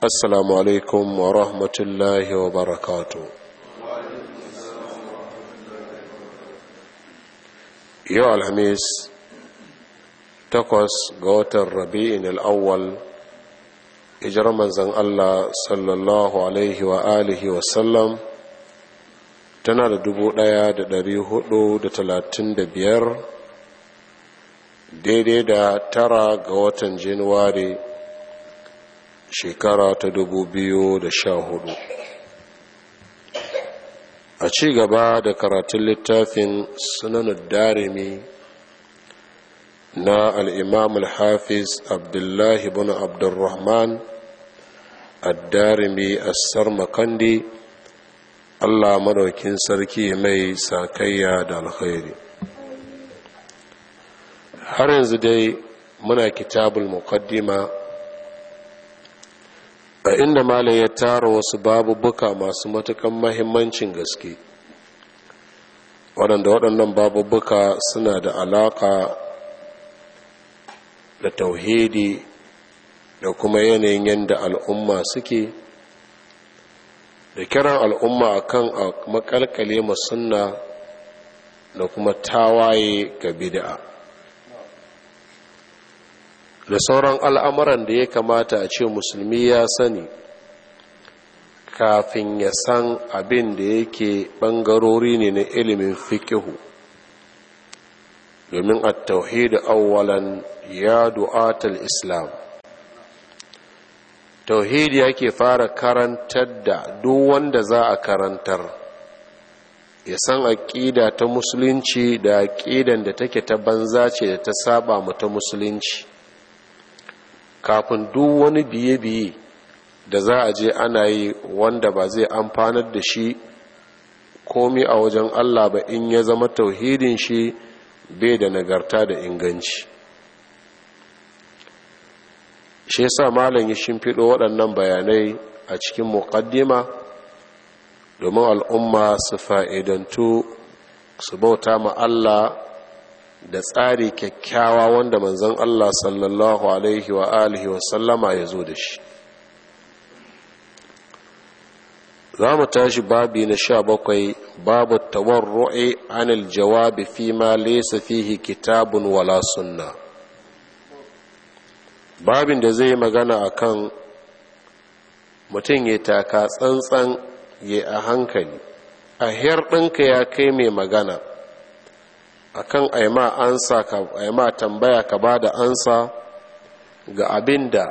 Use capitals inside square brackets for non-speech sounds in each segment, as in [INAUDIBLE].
assalamu alaikum wa rahmatullahi wa barakatu yau alhamis takwas ga watan rabi'in al'awwal ijar manzan Allah sallallahu alaihi wa alihi wa sallam tana da dubu ɗaya da dari hudu da talatin da biyar daidai da tara ga watan januwari shekara ta dubu biyu da sha hudu. a ci gaba da karatun littafin sunanar darimi na al'imam al-hafiz abdullahi bin abdurrahman addarimi Sarma makandi allah madaukin sarki mai sakayya da alkhairi har yanzu dai muna kitabul muqaddima a inda malam ya tara wasu babu babubuka masu matukan mahimmancin gaske waɗanda waɗannan babu babubuka suna da alaƙa da tauhidi da kuma yanayin yadda al'umma suke da kiran al'umma akan a makalkale masunna da kuma tawaye ga bida'a. da sauran al'amuran da ya kamata a ce musulmi ya sani kafin ya san abin da yake ɓangarori ne na ilimin fikihu domin a tauhidu awwalan ya du'atul islam tauhidi yake fara karantar da duk wanda za a karantar ya san aƙida ta musulunci da aƙidan da take ta banza ce da ta saba mu ta musulunci kafin duk wani biye-biye da za a je ana yi wanda ba zai amfanar da shi komi a wajen Allah ba in ya zama tauhidin shi bai da nagarta da inganci shi sa malam ya shimfiɗo waɗannan bayanai a cikin muƙaddima domin al'umma su fa'idantu su bauta ma Allah da tsari kyakkyawa wanda manzon Allah sallallahu alaihi wa alihi wa sallama ya zo da shi za mu tashi babi na sha bakwai babu tawarru'i anil jawabi fi ma laysa fihi kitabun wala sunna babin da zai magana a kan mutum ya taka tsantsan ya a hankali a ɗinka ya kai mai magana akan aima ansa ka aima tambaya ka ba da ansa ga abin da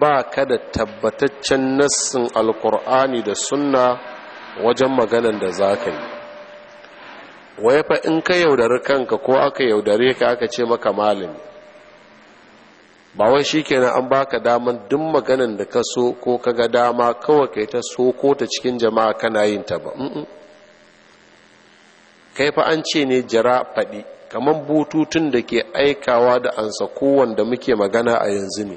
ba ka da tabbataccen nassin alkur'ani da sunna wajen maganan da za ka yi wai fa in ka yaudari kanka ko aka yaudare ka aka ce maka malami ba wai shi shikenan an baka daman duk maganan da ka so ko ka ga dama kawai kai ta so ko ta cikin jama'a kana yin ta ba mm kai fa an ce ne jira faɗi kamar bututun da ke aikawa da ansa kowanda muke magana a yanzu ne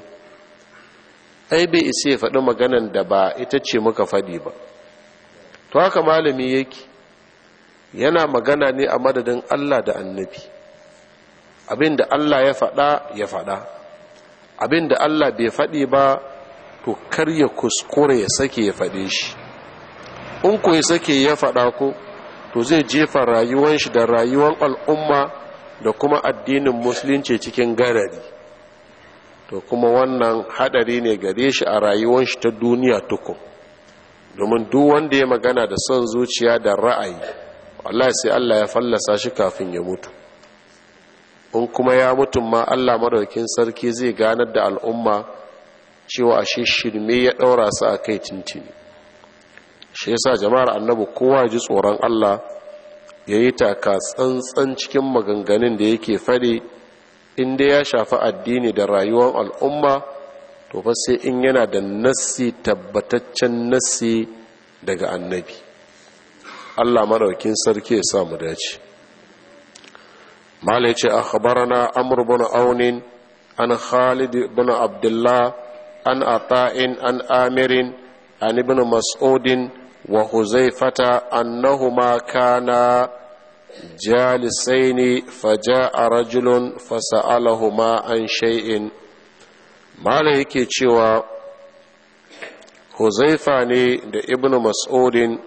ai bai isa ya faɗi maganan da ba ita ce muka faɗi ba to haka malami yake yana magana ne a madadin Allah da annabi abin da Allah ya faɗa ya faɗa abin da Allah bai faɗi ba to kar ya kuskure ya sake ya faɗe shi in ku ya sake ya faɗa ko to zai jefa rayuwar shi da rayuwar al'umma da kuma addinin musulunci cikin garari to kuma wannan hadari ne gare shi a rayuwar shi ta duniya tukun domin duk wanda ya magana da son zuciya da ra'ayi Allah sai Allah ya fallasa shi kafin ya mutu in kuma ya mutu ma Allah madaukin sarki zai ganar da al'umma cewa shi shirme ya daura sa a kai tintini shi yasa jama'ar annabi kowa ji tsoron Allah ya yi taka tsantsan cikin maganganun da yake faɗi inda ya shafi addini da rayuwar al'umma to fa sai in yana da nassi tabbataccen nassi daga annabi Allah maraukin sarki ya samu dace mala a akhbarana Amur ibn aunin an khalid ibn abdullah an ata'in an amirin an ibn mas'udin wa huzaifata annahuma kana jalisaini a rajulun ma an shay'in malai yake cewa huzaifa ne da ibnu mas'udin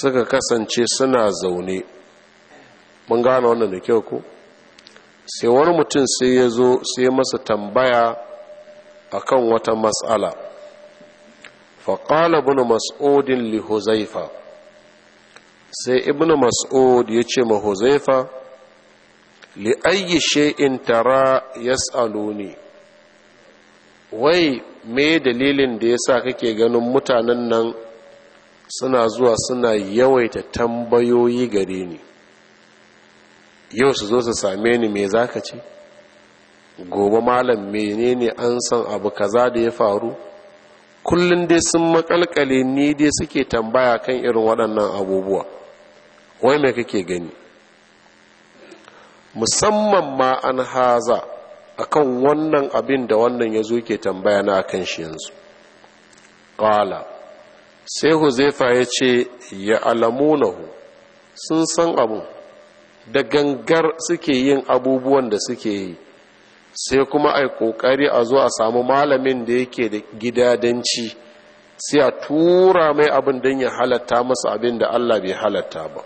suka kasance suna zaune mun gane wannan da kyau ko sai wani mutum sai ya zo sai masa tambaya akan wata matsala faƙala ibn mas'udin Lihuzaifa sai ibn mas'ud ya ce ma huzaifa li ayyi shay'in wai me dalilin da yasa kake ganin mutanen nan suna zuwa suna yawaita tambayoyi gare ni yau su zo su same ni me zaka ce gobe malam menene an san abu kaza da ya faru kullum dai sun makalkale ni dai suke tambaya kan irin waɗannan abubuwa wai mai kake gani musamman ma an haza akan wannan abin da wannan ya zo ke tambaya na kan shi yanzu ƙwala sai huzaifa ya ce ya alamunahu sun san abu da gangar suke yin abubuwan da suke yi sai kuma a kokari a zo a samu malamin da yake da gidadanci sai a tura mai abin don ya halatta masa abin da Allah bai halatta ba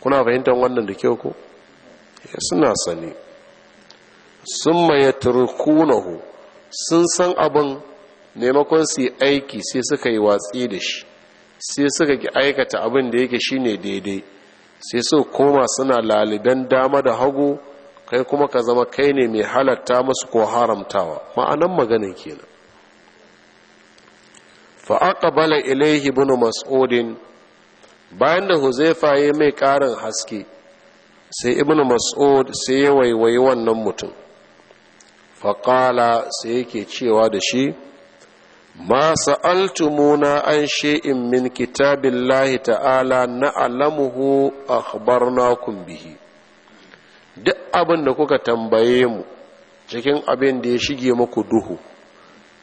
kuna fahimtar wannan da kyau ko suna sani sun maye turkunahu sun san abin maimakon su yi aiki sai suka yi watsi da shi sai suka ki aikata abin da yake shine daidai sai su koma suna laliban dama da hagu kai kuma ka zama kai ne mai halatta masu ko haramtawa ma'anan maganin kenan fa aqbala ilaihi ibn mas'udin bayan da huzaifa ya mai ƙarin haske sai ibn mas'ud sai ya waiwayi wannan mutum faƙala sai yake cewa da shi ma sa'altumuna an she'in min kitabillahi ta'ala na alamuhu akhbarnakum bihi duk abin da kuka tambaye mu cikin abin da ya shige muku duhu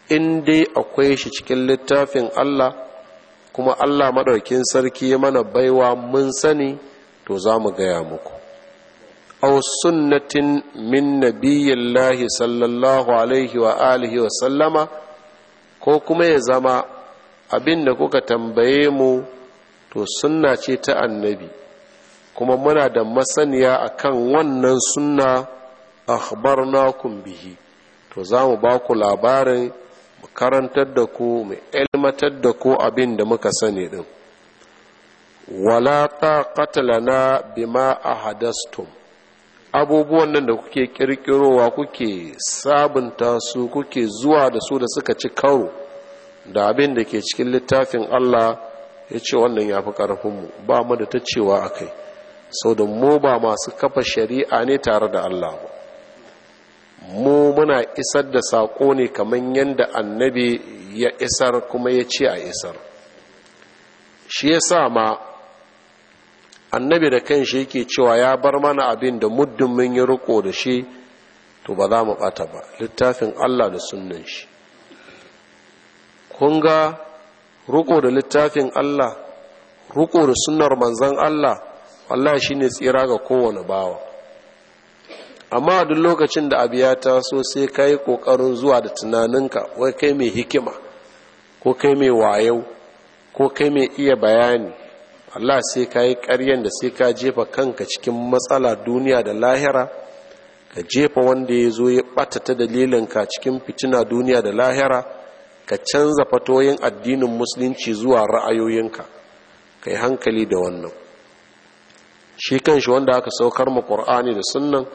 in dai akwai shi cikin littafin Allah kuma Allah maɗaukin sarki ya mana baiwa mun sani to za mu gaya muku aw sunnatin min nabiyillahi sallallahu alaihi wa alihi wa sallama ko kuma ya zama abin da kuka tambaye mu to sunna ce ta annabi kuma muna da masaniya a kan wannan sunna nakun bihi to za mu ba ku labarin mu karantar da ku mu ilmatar da ku abin da muka sani din wala ta lana bima a ahadastum abubuwan nan da kuke kirkirowa kuke sabunta su kuke zuwa da su da suka ci karo da abin da ke cikin littafin Allah ya ce wannan ya fi ƙarfinmu ba mu da ta cewa a kai sau da mu ba masu kafa shari'a ne tare da Allah ba mu muna isar da saƙo ne kamar yadda annabi ya isar kuma ya ce a isar shi ya sa ma annabi da kan shi yake cewa ya bar mana abin da muddin mun yi riko da shi to ba za mu ɓata ba littafin Allah da sunan shi kun ga riko da littafin Allah riko da sunnar manzan Allah wallahi shine tsira ga kowane bawa amma duk lokacin da abu ya taso sai ka yi ƙoƙarin zuwa da tunaninka wai kai mai hikima ko kai mai wayau ko kai mai iya bayani Allah sai ka yi ƙaryen da sai ka jefa kanka cikin matsala duniya da lahira ka jefa wanda ya zo ya ɓata ta dalilinka cikin fitina duniya da lahira ka canza fatoyin addinin musulunci zuwa ra'ayoyinka ka yi hankali da wannan shi kanshi wanda aka saukar mu qur'ani da sunnan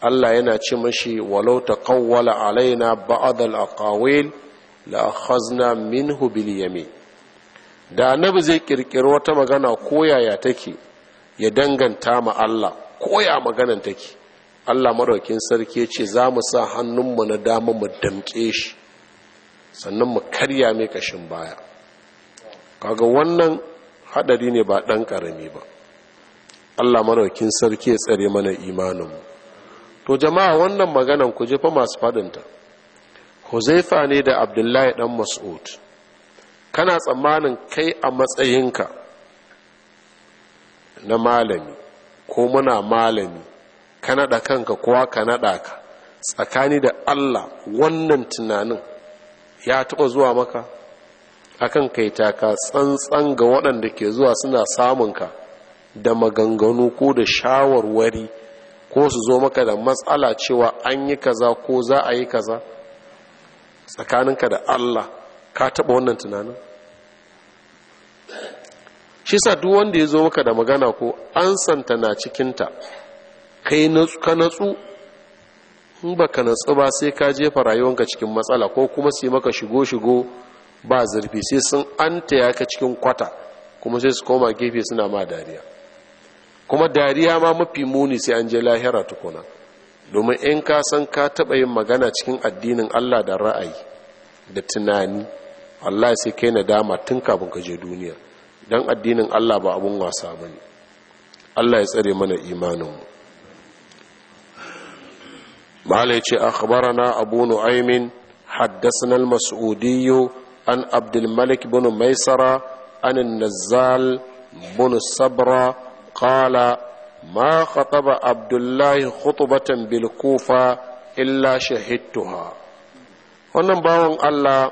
Allah yana ce mashi walau taqawwala alaina ba'd al-aqawil la akhazna minhu bil yamin da annabi zai kirkiro wata magana koyaya take ya danganta ma Allah koya maganan take Allah madaukin sarki ce za mu sa hannunmu na dama mu damke shi sannan mu karya mai kashin baya kaga wannan hadari ne ba ɗan ƙarami ba Allah manaukin sarki ya tsare mana imaninmu to jama'a wannan maganan ku jefa masu faɗinta huzaifa ne da abdullahi Dan mas'ud kana tsammanin kai a matsayinka na malami ko muna malami ka naɗa kanka kowa ka naɗa ka tsakani da Allah wannan tunanin ya taɓa zuwa maka akan kai taka tsantsan ga waɗanda ke zuwa suna samunka da maganganu ko da shawarwari ko su zo maka da matsala cewa an yi kaza ko za a yi kaza tsakaninka da Allah ka taɓa wannan tunanin shi sa duk wanda ya zo maka da magana ko an santa na cikinta kai ka natsu in ba ka natsu ba sai ka jefa rayuwanka cikin matsala ko kuma sai maka shigo-shigo ba zurfi sai sun anta ya ka cikin kwata kuma sai su koma gefe suna ma dariya kuma dariya ma mafi muni sai an je lahira tukuna domin in ka san ka taɓa yin magana cikin addinin allah da ra'ayi da tunani allah sai kai dama tun kafin ka je duniya don addinin allah ba abun wasa ba ne allah ya tsare mana imaninmu malai ce na abu nu'aimin حدثنا المسعودي عن an abdulmalik bin maisara عن nazal bin sabra. قال ما خطب عبد الله خطبة بالكوفة إلا شهدتها wannan bawan allah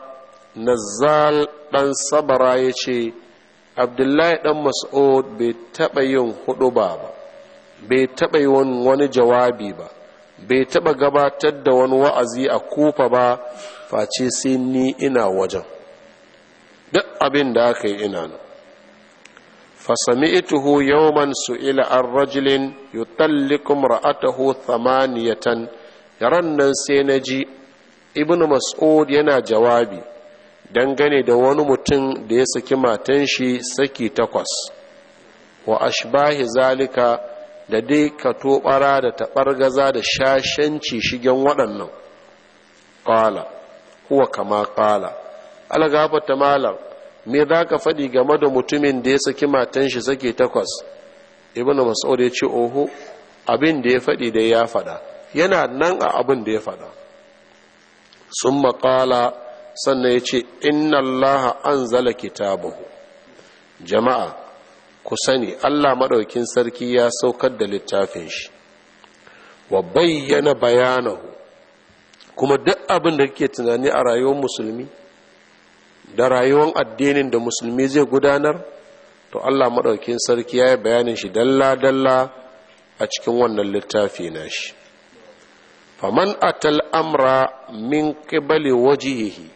nazal ɗan sabara ya ce abdullahi ɗan mas'ud bai taɓa yin huduba ba bai taɓa yi wani jawabi ba bai taɓa gabatar da wani wa'azi a kufa ba face sai ni ina wajen duk abin da aka yi ina nan فسمعته يوما سئل an رجل يطلق ra'atahu thamaniyatan yaran nan sai مسعود ibnu mas'ud yana jawabi dangane da wani mutum da ya saki matan shi saki takwas wa ashbahi zalika da dai ka tobara da taɓargaza da shashanci shigen waɗannan ƙala huwa kama ƙala algafata malam me za ka faɗi game da mutumin da ya saki matan shi sake takwas ibn mas'ud ya ce oho abin da ya faɗi da ya faɗa yana nan a abin da ya faɗa sun maƙala sannan ya ce inna allaha an zala kitabahu jama'a ku sani allah maɗaukin sarki ya saukar da littafin shi wa bayyana bayanahu kuma duk abin da kake tunani a rayuwar musulmi da rayuwar addinin da musulmi zai gudanar to Allah maɗaukin sarki ya yi bayanin shi dalla-dalla a cikin wannan littafi na shi faman atal amra min qibali wajihihi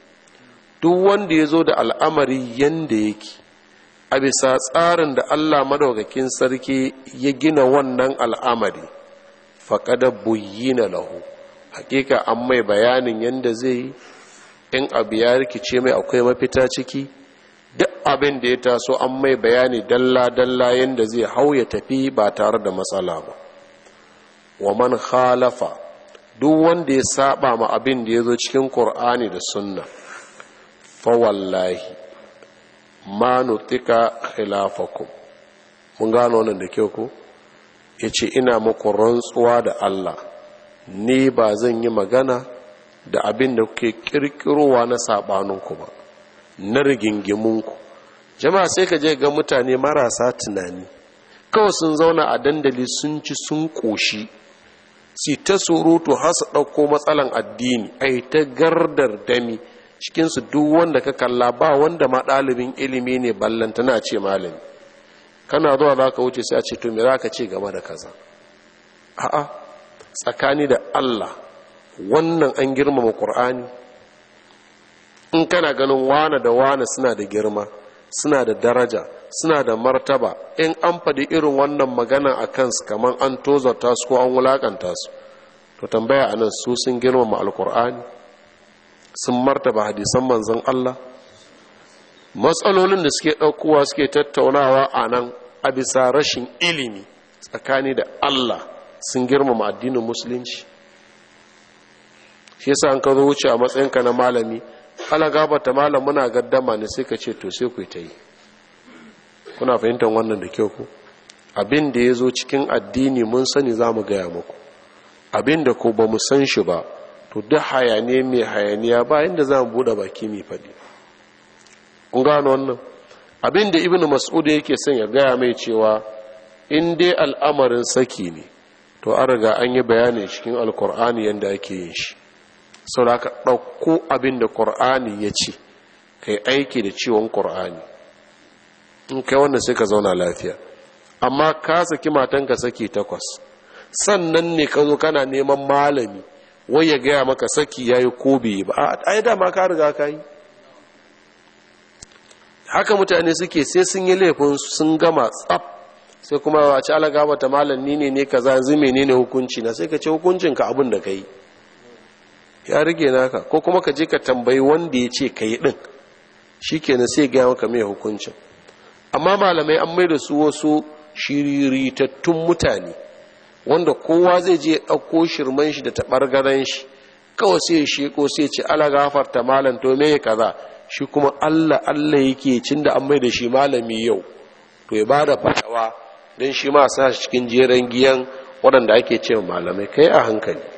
duk wanda ya zo da al'amari yanda yake a bisa tsarin da Allah maɗaukakin sarki ya gina wannan al'amari faƙada buyyina lahu hakika an mai bayanin yanda zai yi in abu ya rikice mai akwai mafita ciki duk abin da ya taso an mai bayani dalla-dalla yadda zai hau ya tafi ba tare da matsala ba wa man khalafa duk wanda ya saba ma abin da ya zo cikin ƙur'ani da sunna fawallahi ma nutika khilafakum mun gano wannan da kyau ko ya ce ina muku rantsuwa da allah ni ba zan yi magana da abin da kuke kirkirowa na saɓaninku ba na rigingimunku. jama'a sai ka je ga mutane marasa tunani kawai sun zauna a dandali sun ci sun ƙoshi si ta surutu har su ɗauko matsalan addini ai ta gardar dami cikinsu duk wanda ka kalla ba wanda ma ɗalibin ilimi ne ballan tana ce malami kana zuwa za ka wuce sai a ce to me za ka ce game da kaza a'a tsakani da allah wannan an girmama ƙur'ani in kana ganin wane da wane suna da girma suna da daraja suna da martaba in an faɗi irin wannan magana a kansu kamar an tozarta su ko an wulaƙanta su to tambaya a nan su sun girmama alƙur'ani sun martaba hadisan manzon allah matsalolin da suke ɗaukowa suke tattaunawa a nan a bisa rashin ilimi tsakani da allah sun girmama addinin musulunci shi yasa an ka zo wuce a matsayinka na malami ala gabata malam muna gaddama ne sai ka ce to sai ku ta yi kuna fahimtar wannan da kyau ku abin da ya zo cikin addini mun sani za mu gaya muku abin da ko ba mu san shi ba to duk hayaniya mai hayaniya ba inda za mu buɗe baki mai faɗi kun gano wannan abin da ibnu mas'ud yake son ya gaya mai cewa in dai al'amarin saki ne to an riga an yi bayani cikin alkur'ani yadda ake yin shi sauraka ɗauko abin da ƙur'ani ya ce kai aiki da ciwon ƙur'ani in kai wannan sai ka zauna lafiya amma ka saki matan ka saki takwas sannan ne ka zo kana neman malami wai ya gaya maka saki ya yi ko bai ba a yi dama ka riga ka yi haka mutane suke sai sun yi laifin sun gama tsaf sai kuma wace alaga bata malam ni ne ne ka kaza yanzu menene hukunci na sai ka ce hukuncin ka abin da ka yi ya rage naka ko kuma ka je ka tambayi wanda ya ce ka yi ɗin shi ke na sai gaya maka mai hukuncin amma malamai an mai da su wasu shiriritattun mutane wanda kowa zai je ɗauko shirman shi da taɓargaren shi kawai sai shi ko sai ce ala gafarta malam to me kaza shi kuma Allah Allah yake cin da an mai da shi malami yau to ya bada fatawa don shi ma sa cikin jeren giyan waɗanda ake ce malamai kai a hankali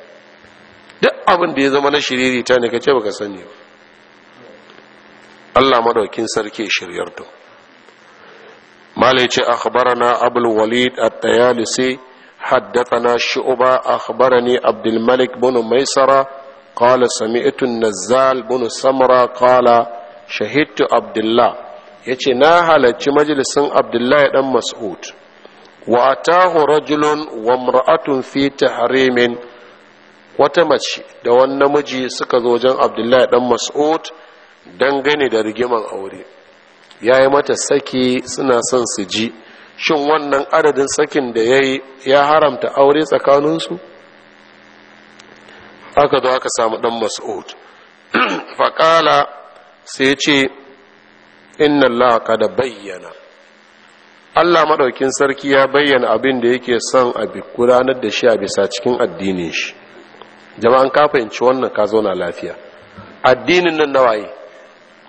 duk abin da ya zama na shiriri ta ne kace baka sani Allah madaukin sarki shiryar to malai ce akhbarana abul walid at-tayalisi haddathana shu'ba akhbarani abdul malik bin maisara qala sami'tu an-nazzal bin samra qala shahidtu abdullah yace na halarci majalisin abdullahi dan mas'ud wa atahu rajulun wa imra'atun fi tahrimin wata mace da wani namiji suka zo wajen abdullahi dan mas'ud dangane da rigiman aure ya yi mata saki suna son su ji shin wannan adadin sakin da ya yi ya haramta aure tsakaninsu aka zo aka samu dan mas'ud [CLEARS THROAT] faƙala sai ce inna Allah da bayyana Allah maɗaukin sarki ya bayyana abin da yake son a gudanar da shi a bisa cikin addinin shi jama'an ka fahimci wannan ka zauna lafiya addinin nan nawaye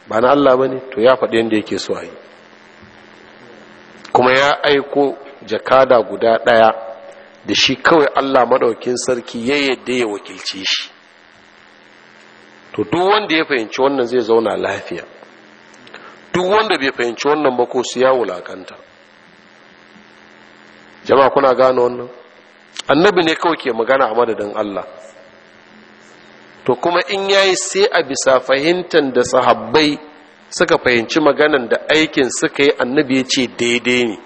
ba na Allah ba ne? to ya faɗi yadda yake so ayi kuma ya aiko jakada guda ɗaya da shi kawai Allah maɗaukin sarki ya yadda ya wakilce shi to duk wanda ya fahimci wannan zai zauna lafiya duk wanda bai fahimci wannan ba ko su ya wulakanta jama'a kuna gano wannan annabi ne kawai ke magana a madadin Allah to kuma in ya yi sai a bisa fahimtar da sahabbai suka fahimci maganan da aikin suka yi annabi ya ce daidai ne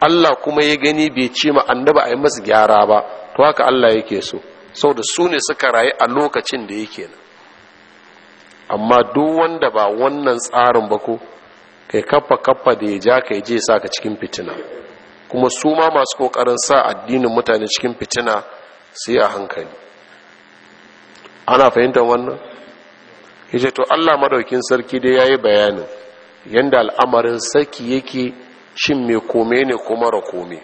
Allah kuma ya gani bai ce ma annabi a yi masu gyara ba to haka Allah yake so da su ne suka rayu a lokacin da yake nan amma duk wanda ba wannan tsarin ba ko kai kafa kafa da ya ja kai je sa ka cikin fitina kuma su ma masu kokarin sa addinin mutane cikin fitina sai a hankali ana fahimtar wannan yace to Allah maɗaukin sarki dai yayi bayanin yanda al'amarin saki yake shin mai kome ne kuma kome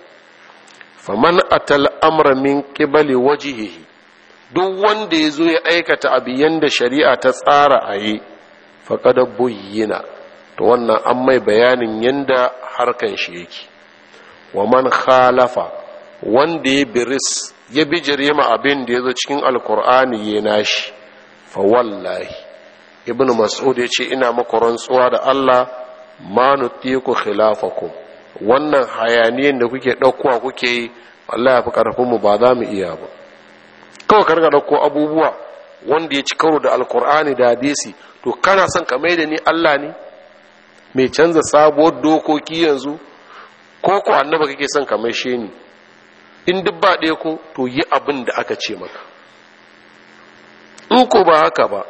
faman atal amra min qibali wajhihi duk wanda ya zo ya aikata abu yanda shari'a ta tsara a yi buyyina to wannan an mai bayanin yanda harkan shi yake wa khalafa wanda ya biris ya bijire ma abin da ya zo cikin alkur'ani ya nashi fa wallahi ibn mas'ud ya ce ina maka rantsuwa da Allah ma nutiku khilafakum wannan hayaniyan da kuke daukowa kuke yi Allah ya fi mu ba za mu iya ba kawai karga ɗauko abubuwa wanda ya ci karo da alkur'ani da hadisi to kana son ka maida ni Allah ne mai canza sabuwar dokoki yanzu ko ku annaba kake son ka maishe ni in duk ba ɗaya ko to yi abin da aka ce maka in ko ba haka ba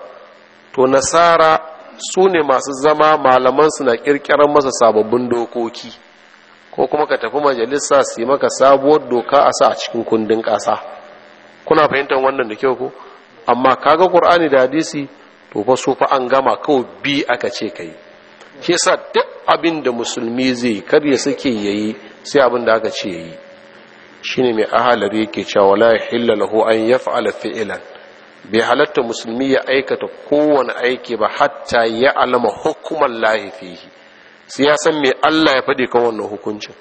to nasara su ne masu zama su na ƙirƙirar masa sababbin dokoki ko kuma ka tafi majalisa su yi maka sabuwar doka a sa a cikin kundin ƙasa kuna fahimtar wannan da kyau ko amma kaga ƙur'ani da hadisi to fa su fa an gama kawai bi aka ce ka yi ke sa duk abin da musulmi zai kar ya yayi sai abin da aka ce yayi shine mai ahalari yake cewa wala yahilla lahu an yaf'ala fi'lan bai halatta musulmi ya aikata kowane aiki ba hatta ya alama hukuman lahi fihi sai ya san me Allah ya faɗi kan wannan hukuncin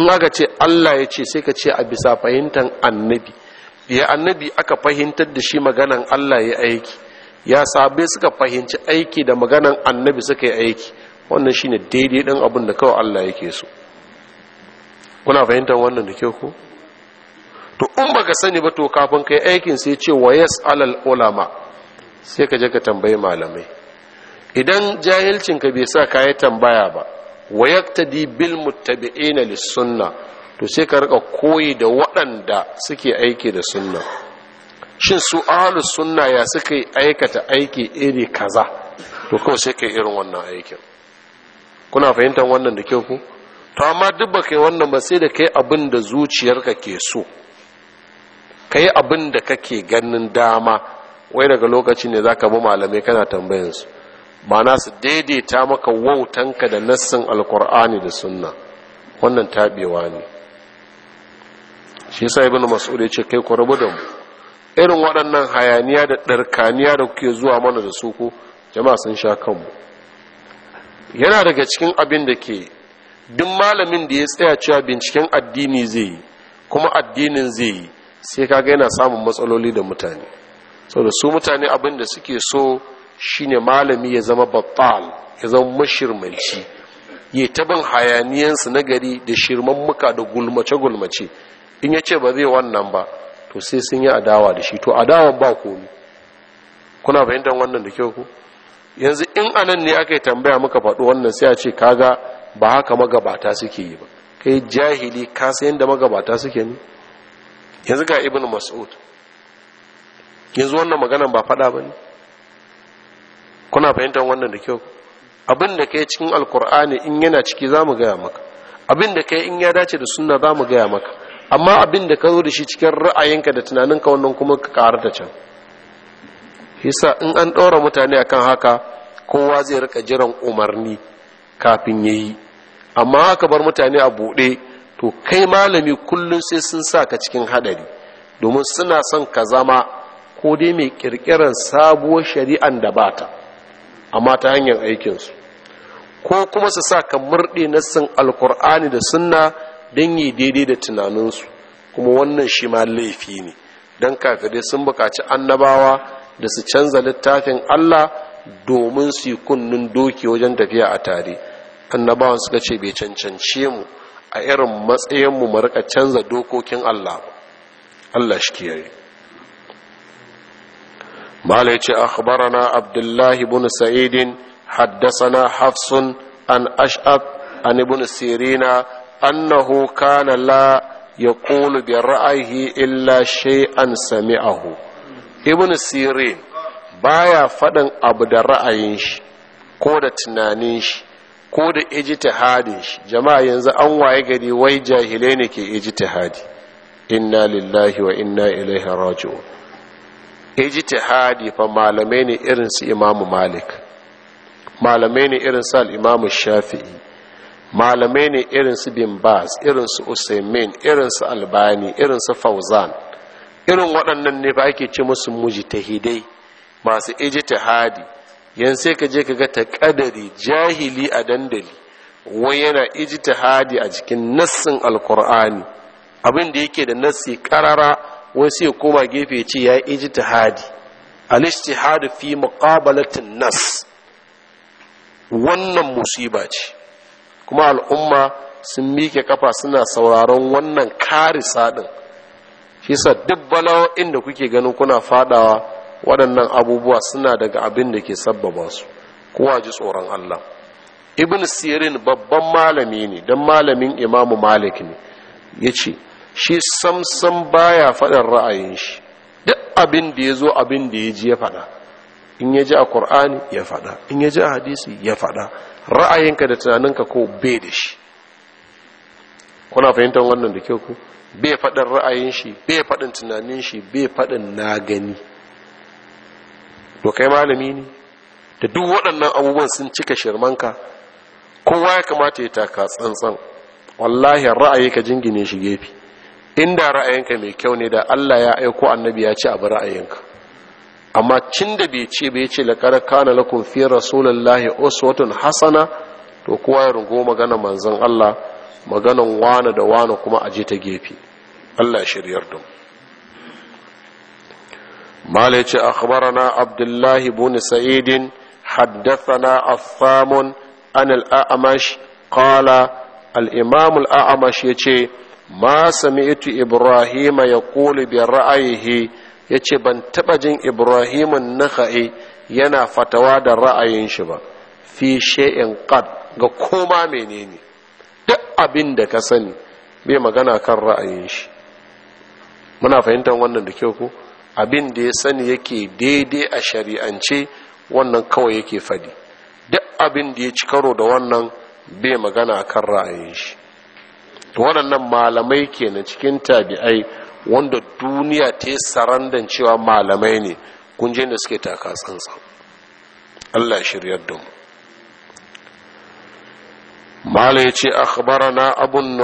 in aka ce Allah ya ce sai ka ce a bisa fahimtar annabi ya annabi aka fahimtar da shi maganan Allah ya aiki ya sabe suka fahimci aiki da maganan annabi suka yi aiki wannan shine daidai ɗin abin da kawai Allah yake so kuna fahimtar wannan da kyau ko to in baka sani ba to kafin kai aikin sai ce wa alal ulama sai ka je ka tambayi malamai idan jahilcin ka bai sa ka yi tambaya ba wa yaktadi bil muttabi'ina lis sunna to sai ka rika koyi da waɗanda suke aiki da sunna shin su ahlus sunna ya suka aikata aiki iri kaza to kawai sai ka irin wannan aikin kuna fahimtar wannan da kyau ku to amma duk ba kai wannan ba sai da kai abin da zuciyarka ke so Kai yi abin da kake ganin dama wai daga lokaci ne za ka bi malamai kana su na su daidaita maka wautanka da nassin alkur'ani da sunna wannan taɓewa ne shi sa ibn mas'ud ya ce kai ku rabu da mu irin waɗannan hayaniya da ɗarkaniya da kuke zuwa mana da su ko jama'a sun sha kanmu yana daga cikin abin da ke duk malamin da ya tsaya cewa binciken addini zai yi kuma addinin zai yi sai kaga yana samun matsaloli da mutane da su mutane abin da suke so shine malami ya zama battal ya zama mashirmanci ya taban hayaniyansu na gari da shirman muka da gulmace-gulmace in ya ce ba zai wannan ba to sai sun yi adawa da shi to adawa ba komi kuna fahimtar wannan da kyau ku yanzu in anan ne aka yi tambaya muka faɗo wannan sai a ce kaga ba haka magabata suke yi ba kai jahili ka sayan da magabata suke ne yanzu ga ibn mas'ud yanzu wannan maganan ba fada ba ne kuna fahimtar wannan da kyau abin da kai cikin alkur'ani in yana ciki za mu gaya maka abin da kai in ya dace da sunna za mu gaya maka amma abin da ka zo da shi cikin ra'ayinka da tunaninka wannan kuma ka ƙara da can yasa in an ɗora mutane akan haka kowa zai rika jiran umarni kafin ya yi amma aka bar mutane a buɗe to kai malami kullum sai sun sa ka cikin haɗari domin suna son ka zama ko dai mai ƙirƙirar sabuwar shari'an da ba ta amma ta hanyar aikinsu ko kuma su sa ka murɗe sun alkur'ani da sunna don yi daidai da tunaninsu kuma wannan shi ma laifi ne don kafirai sun buƙaci annabawa da su canza littafin allah domin su yi kunnen doki wajen tafiya a tare annabawan suka ce bai cancance mu a irin matsayinmu mu rika canza dokokin Allah Allah shi kiyaye mala ce akhbarana abdullahi ibn sa'id haddathana hafsun an ash'ab an ibn sirina annahu kana la yaqulu bi ra'ayhi illa shay'an sami'ahu ibn sirin baya faɗin abu da ra'ayin shi ko da tunanin shi ko da ijtihadin shi jama'a yanzu an waye gari wai jahilai ne ke ijtihadi inna lillahi wa inna ilaihi raji'un ijtihadi fa malamai ne irin su imamu malik malamai ne irin su al-imamu shafi'i malamai ne irin su bin bas irin su usaimin irin su albani irin su fauzan irin waɗannan ne ba ake ci musu mujtahidai masu ijtihadi yan sai ka je ka ga taƙadari jahili a dandali wai yana ijtihadi a cikin nassin alkur'ani abin da yake da nassi karara wai sai koma gefe ce ya ijtihadi al-ijtihadu fi muqabalatin nas wannan musiba ce kuma al'umma sun mike kafa suna sauraron wannan karisa din shi sa duk bala'o'in da kuke ganin kuna fadawa waɗannan abubuwa suna daga abin da ke sabbaba su kowa ji tsoron Allah ibn sirin babban malami ne don malamin imamu malik ne ya ce shi samsam baya faɗin ra'ayin shi duk abin da ya zo abin da ya ji ya faɗa in ya ji a Kur'ani ya faɗa in ya ji a hadisi ya faɗa ra'ayinka da tunaninka ko bai da shi kuna fahimtar wannan da kyau ku bai faɗin ra'ayin shi bai faɗin tunanin shi bai faɗin na gani to kai malami ne da duk waɗannan abubuwan sun cika shirmanka kowa ya kamata ya taka tsantsan wallahi ra'ayi ka jingine shi gefe inda ra'ayinka mai kyau ne da Allah ya aiko annabi ya ce abu ra'ayinka amma cin da bai ce bai ce laqad kana lakum fi rasulillahi uswatun hasana to kowa ya rungo magana manzon Allah maganan wana da wana kuma aje ta gefe Allah shiryar da malai ce akhbarana abdullahi bin sa'idin haddathana affamun an al'amash qala al-imam al-amash yace ma sami'tu ibrahima yaqulu bi ra'ayihi yace ban taɓa jin ibrahimun nakhai yana fatawa da ra'ayin shi ba fi shay'in qad ga koma menene duk abinda ka sani bai magana kan ra'ayin shi muna fahimtar wannan da kyau ko abin da ya sani yake daidai a shari'ance wannan kawai yake fadi duk abin da ya ci karo da wannan bai magana a kan ra'ayin shi waɗannan malamai ke kenan cikin tabi'ai wanda duniya ta yi sarandan cewa malamai ne kunje da suke taka tsantsan Allah shiryar da mu mala ya ce na abun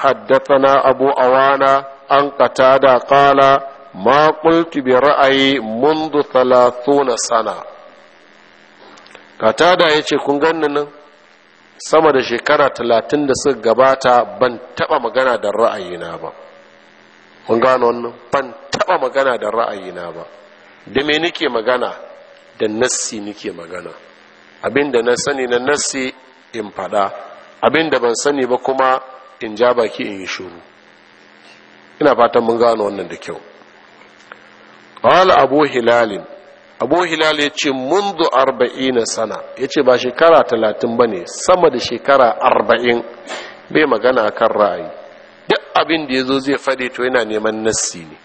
haddata na abu awana an da qala ma qultu bi ra'ayi منذ 30 sana katada yace kun ganni nan sama da shekara talatin da suka gabata ban taba magana da ra'ayina ba mun gano wannan ban taba magana da ra'ayina ba da me nake magana da nassi nake magana abinda na sani na nassi in fada abinda ban sani ba kuma in ja baki in yi shuru ina fatan mun gano wannan da kyau qala abu hilali abu hilal yace mundu 40 sana yace ba shekara 30 ba sama da shekara arba'in bai magana kan ra'ayi duk abin da zo zai fade to yana neman nassi ne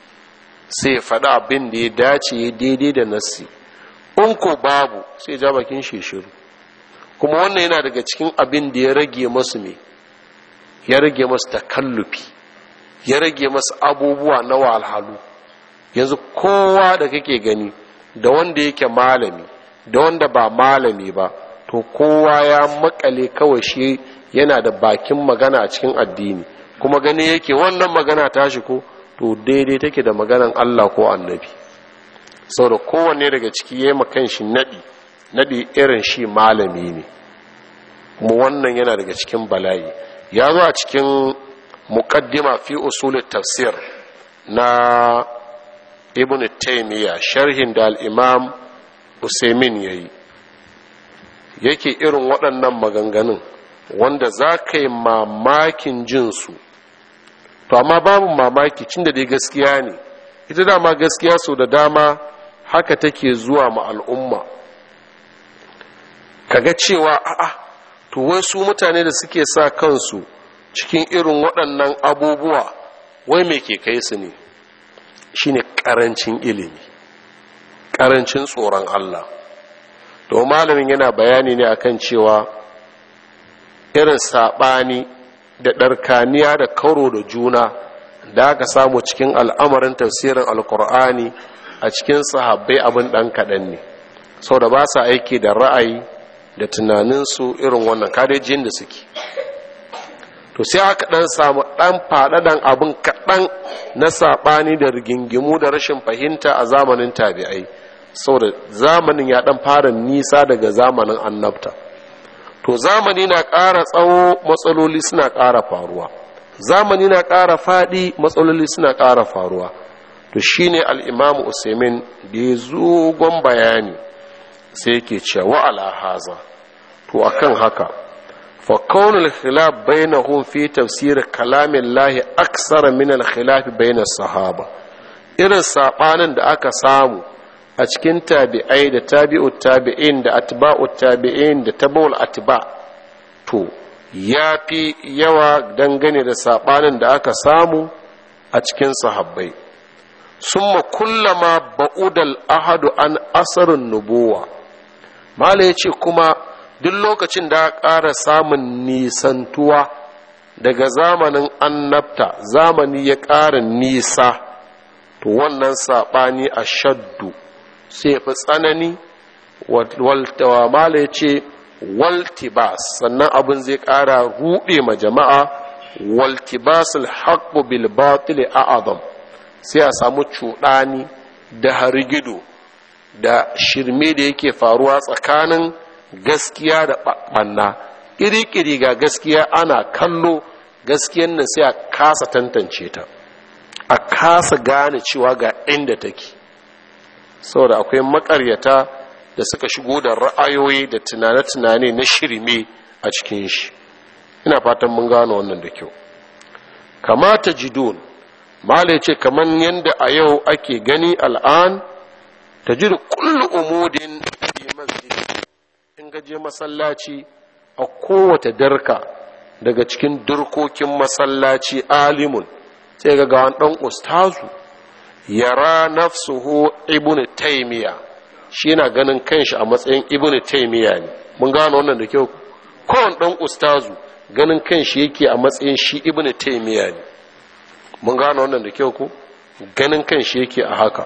sai ya faɗi abin da ya dace daidai da nassi in ko babu sai ja bakin shi shiru kuma wannan yana daga cikin abin da ya rage masu ne ya rage masu takallufi ya rage masu abubuwa na walhalu yanzu kowa da kake gani da wanda yake malami da wanda ba malami ba to kowa ya makale kawai shi yana da bakin magana a cikin addini kuma gani yake wannan magana ta shi ko to daidai take da maganan Allah ko annabi sau da kowanne daga ciki ya yi shi naɗi naɗi irin shi malami ne kuma wannan yana daga cikin bala'i ya zo a cikin muƙaddima fi usulun tafsir na ibn taimiyya sharhin da al'imam usaimin ya yi yake irin waɗannan maganganun wanda za ka yi mamakin jinsu to amma babu mamaki cinda dai gaskiya ne ita dama gaskiya sau da dama haka take zuwa ma al'umma kaga cewa a'a to wai su mutane da suke sa kansu cikin irin waɗannan abubuwa wai me ke kai su ne shine karancin ilimi karancin tsoron Allah to malamin yana bayani ne akan cewa irin sabani da ɗarkaniya da kauro da juna da aka samu cikin al'amarin tafsirin alkur'ani a cikin sahabbai abin ɗan kaɗan ne sau da ba sa aiki da ra'ayi da tunaninsu irin wannan jin da suke to sai aka dan samu dan faɗaɗan abin kaɗan na saɓani da rigingimu da rashin fahimta a zamanin tabi'ai saboda zamanin ya dan fara nisa daga zamanin annabta to zamani na ƙara tsawo matsaloli suna ƙara faruwa zamani na ƙara faɗi matsaloli suna ƙara faruwa to shine al'imamu usaimin da ya bayani sai yake cewa ala haza to akan haka wa kaunul khilaf bainahum fi tafsir kalamillahi aksara min al khilaf bain sahaba irin sabanin da aka samu a cikin tabi'ai da tabi'ut tabi'in da atba'ut tabi'in da tab'ul atba to ya fi yawa dangane da sabanin da aka samu a cikin sahabbai summa kullama ba'udal ahadu an asarin nubuwa mala yace ce kuma duk lokacin da a ƙara samun nisantuwa daga zamanin annabta zamani ya ƙara nisa to wannan saɓani a shaddu sai fi tsanani Waltawa ya ce waltibas sannan abin zai ƙara ruɗe ma jama'a waltibasul haƙƙo bil batil a'azam sai a samu cuɗani da harigido da shirme da yake faruwa tsakanin gaskiya da ɓanna ƙirikiri ga gaskiya ana kallo gaskiyan nan sai a kasa tantance ta a kasa gane cewa ga inda take saboda akwai makaryata da suka shigo da ra'ayoyi da tunane-tunane na shirme a cikin shi ina fatan mun gano wannan da kyau kamata jidun mala ce kamar yadda a yau ake gani al'an ta jiri kullum kullu umudin in je masallaci a kowace darka daga cikin durkokin masallaci alimun sai ga gawan ɗan ustazu yara nafsuhu ibn taimiya shi na ganin kanshi a matsayin ibn taimiya ne mun gano wannan da kyau kowan ɗan ustazu ganin kanshi yake a matsayin shi ibn taimiya ne mun gano wannan da kyau ku. ganin kanshi yake a haka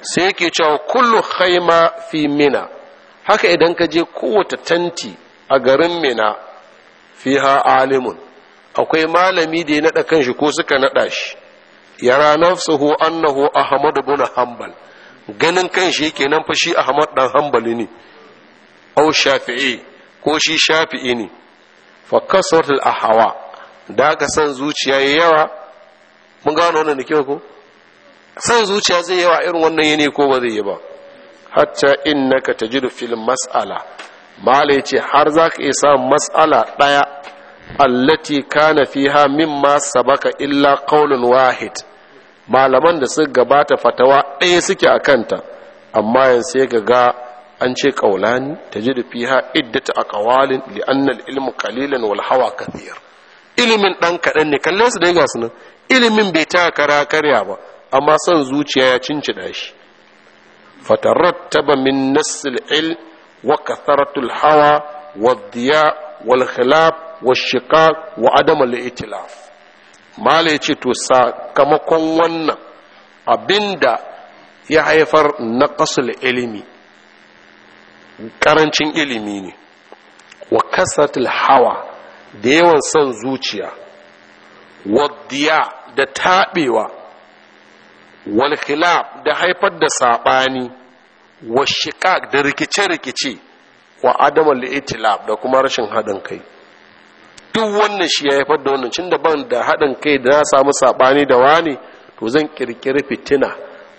sai yake cewa kullu khaima fi mina haka idan ka je kowace tanti a garin mina ha alimun akwai malami da ya naɗa kanshi ko suka naɗa shi yara nafsuhu annahu ahmad Buna, hambal ganin kanshi yake nan fa shi ahmad dan hambali ne au shafi'i ko shi shafi'i ne fa kasratul ahwa da ka san zuciya ya yawa mun gano wannan da kyau ko san zuciya zai yawa irin wannan yini ko ba zai yi ba hatta innaka tajidu fil mas'ala malai ce har zaka iya samun mas'ala ɗaya? allati kana fiha mimma sabaka illa qaulun wahid malaman da suka gabata fatawa ɗaya suke a kanta amma yanzu sai ga an ce qaulani tajidu fiha iddatu aqwalin li anna al ilmu qalilan wal hawa kathir ilimin dan kadan ne kalle su dai ga su nan ilimin bai ta kara karya ba amma son zuciya ya cincida shi fatarattaba min nassil il wa katharatul hawa waddiya, diya wal khilaf wa shiqaq wa adam al itilaf mala yace sakamakon wannan abinda ya haifar na qasul ilimi karancin ilimi ne wa kasatul hawa da yawan son zuciya waddiya da taɓewa wal khilaf da haifar da sabani wa shiqaq da rikice-rikice wa adam al da kuma rashin hadin kai duk wannan shi ya haifar da wannan cin da ban da haɗin kai da na samu saɓani da wani to zan kirkiri fitina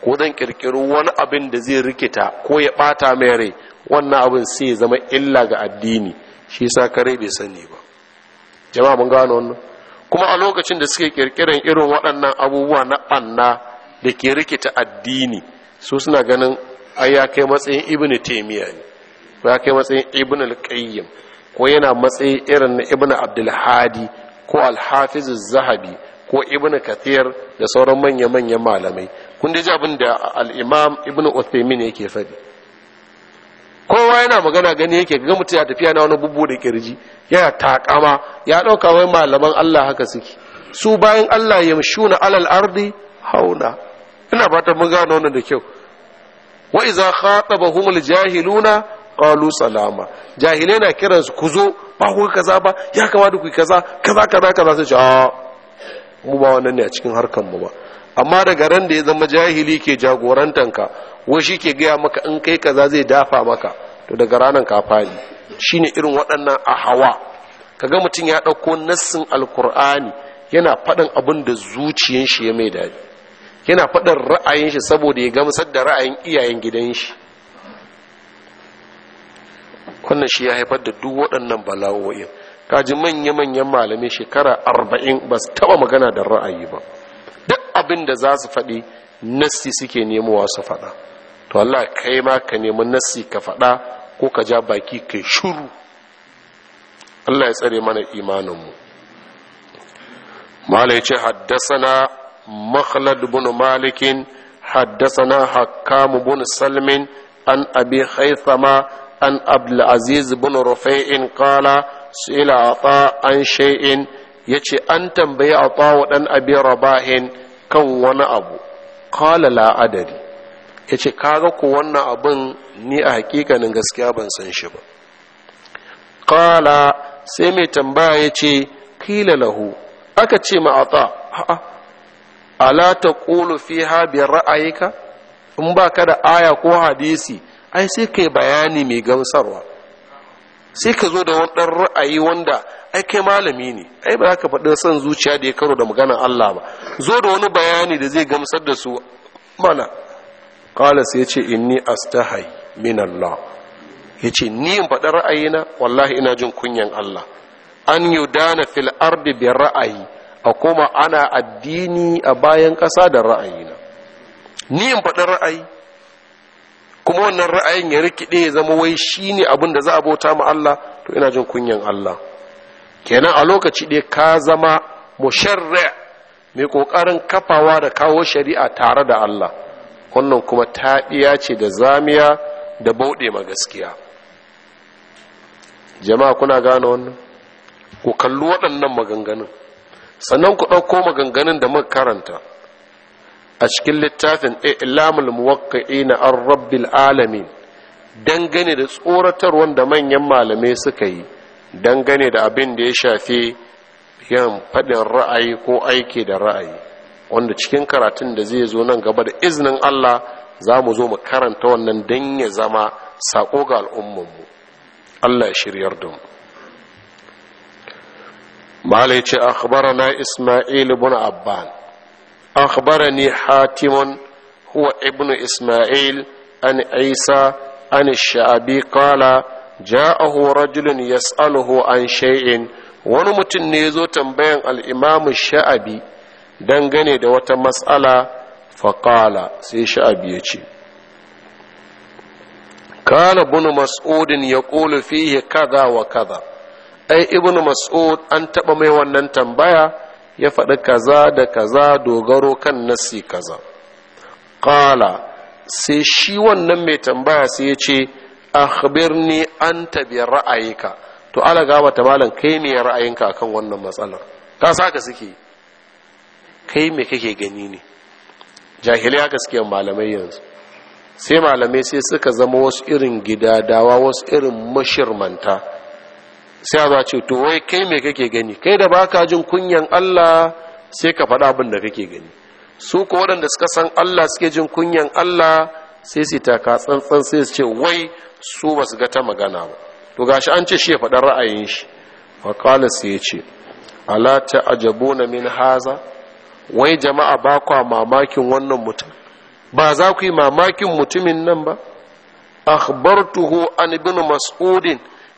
ko zan kirkiri wani abin da zai rikita ko ya ɓata mai rai wannan abin sai zama illa ga addini shi sa kare bai sani ba jama'a mun gano wannan kuma a lokacin da suke kirkiran irin waɗannan abubuwa na ɓanna da ke rikita addini su suna ganin ai ya kai matsayin ibn taymiya ne ko ya kai matsayin ibn al-qayyim ko yana matsayi irin na ibn abdul hadi ko al-hafiz az-zahabi ko ibn kathir da sauran manya-manyan malamai kun ji abin da al-imam ibn uthaymin yake faɗi kowa yana magana gani yake ga mutum ya tafiya na wani bubu da kirji yana takama ya ɗauka wai malaman Allah haka suke su bayan Allah yamshuna alal ardi hauna ina ba ta mun gano wannan da kyau wa iza khatabahum jahiluna qalu salama jahilai na kiran su ku ba ku kaza ba ya kamata ku kaza kaza kaza kaza sai ce mu ba wannan ne a cikin harkan mu ba amma daga ran da ya zama jahili ke ka wai shi ke gaya maka in kai kaza zai dafa maka to daga ranar ka fadi shine irin waɗannan a hawa kaga mutum ya ɗauko nassin alkur'ani yana faɗin abin da zuciyan shi ya mai daɗi yana faɗin ra'ayin shi saboda ya gamsar da ra'ayin iyayen gidan shi wannan shi ya haifar da duk waɗannan bala'o'in kaji manya-manyan malamai shekara arba'in ba su taɓa magana da ra'ayi ba duk abin da za su faɗi nassi suke nemowa su faɗa to Allah kai ma ka nemi nassi ka faɗa ko ka ja baki kai shuru Allah ya tsare mana imaninmu mu ce haddasa na makhlad bin malikin haddasana hakam bin salmin an abi haithama an abdulaziz bin rufai'in kala ila ata an shay'in yace an tambayi ata wa dan abi rabahin kan wani abu kala la adari yace kaga ko wannan abin ni a hakikanin gaskiya ban san shi ba kala sai mai tambaya yace kila lahu aka ce ma ata a'a ala ta ƙulu fi habiyar ra'ayika in ba ka da aya ko hadisi ai sai kai bayani mai gamsarwa sai ka zo da ra'ayi wanda ai kai malami ne ai ba ka faɗi son zuciya da ya karo da maganar Allah ba zo da wani bayani da zai gamsar da su mana ƙala sai ya ce inni astahi min Allah ce ni in faɗi ra'ayina wallahi ina jin kunyan Allah an yudana fil ardi bi ra'ayi a koma ana addini a bayan ƙasa da ra'ayina ni in faɗin ra'ayi kuma wannan ra'ayin ya rikide ya zama wai shi ne abin da za a bauta ma Allah to ina jin kunyan Allah kenan a lokaci ɗaya ka zama musharri mai ƙoƙarin kafawa da kawo shari'a tare da Allah wannan kuma taɗiya ce da zamiya da bauɗe ma gaskiya jama'a kuna gane wannan ku kalli waɗannan maganganun sannan ku ɗauko maganganun da muka karanta a cikin littafin ilamul muwakka'i na an rabbil alamin dangane da tsoratar wanda manyan malamai suka yi dangane da abin da ya shafi yan faɗin ra'ayi ko aiki da ra'ayi wanda cikin karatun da zai zo nan gaba da iznin Allah za mu zo mu karanta wannan don ya zama saƙo ga mu. Allah ya shiryar da mu malai ce akhbarana isma'il ibn abban akhbarani hatimun huwa ibn isma'il an isa an sha'abi qala ja'ahu rajulun yas'aluhu an shay'in wani mutum ne zo tambayan al sha'abi dangane da wata matsala faqala sai sha'abi ya ce Kala bunu mas'udin yaqulu fihi kaza wa kaza ai ibnu mas'ud an taba mai wannan tambaya ya faɗi kaza da kaza dogaro kan nasi kaza qala sai shi wannan mai tambaya sai ya ce akhbirni anta bi ra'ayika to ala gaba ta malam kai ne ra'ayinka akan wannan matsalar ka saka suke kai me kake gani ne jahiliya gaskiya malamai yanzu sai malamai sai suka zama wasu irin gidadawa wasu irin mashirmanta sai a ce to wai kai me kake gani kai da baka jin kunyan Allah sai ka faɗa abin da kake gani su ko waɗanda suka san Allah suke jin kunyan Allah sai su ka tsantsan sai su ce wai su ba su ga ta magana ba to gashi an ce shi ya faɗa ra'ayin shi faƙala sai ya ce ala ta ajabuna min haza wai jama'a ba kwa mamakin wannan mutum ba za ku yi mamakin mutumin nan ba akhbartuhu an ibn mas'udin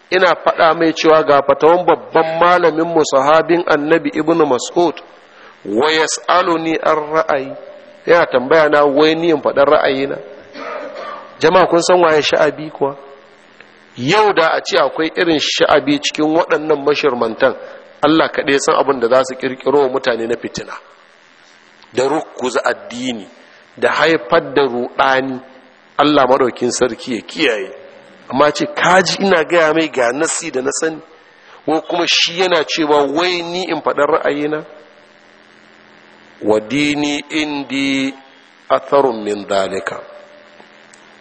ina faɗa mai cewa ga fatawan babban malamin mu sahabin annabi ibnu mas'ud wa yas'aluni an ra'ayi yana tambaya na wai ni in faɗan ra'ayina jama'a kun san waye sha'abi kuwa yau da a ce akwai irin sha'abi cikin waɗannan mashirmantan Allah kaɗai san abin da za su ƙirƙiro wa mutane na fitina da rukuza addini da haifar da ruɗani Allah maɗaukin sarki ya kiyaye amma ce kaji ina gaya mai ga nasi da na sani ko kuma shi yana cewa wai ni in faɗar ra'ayina wa dini indi atharun min dalika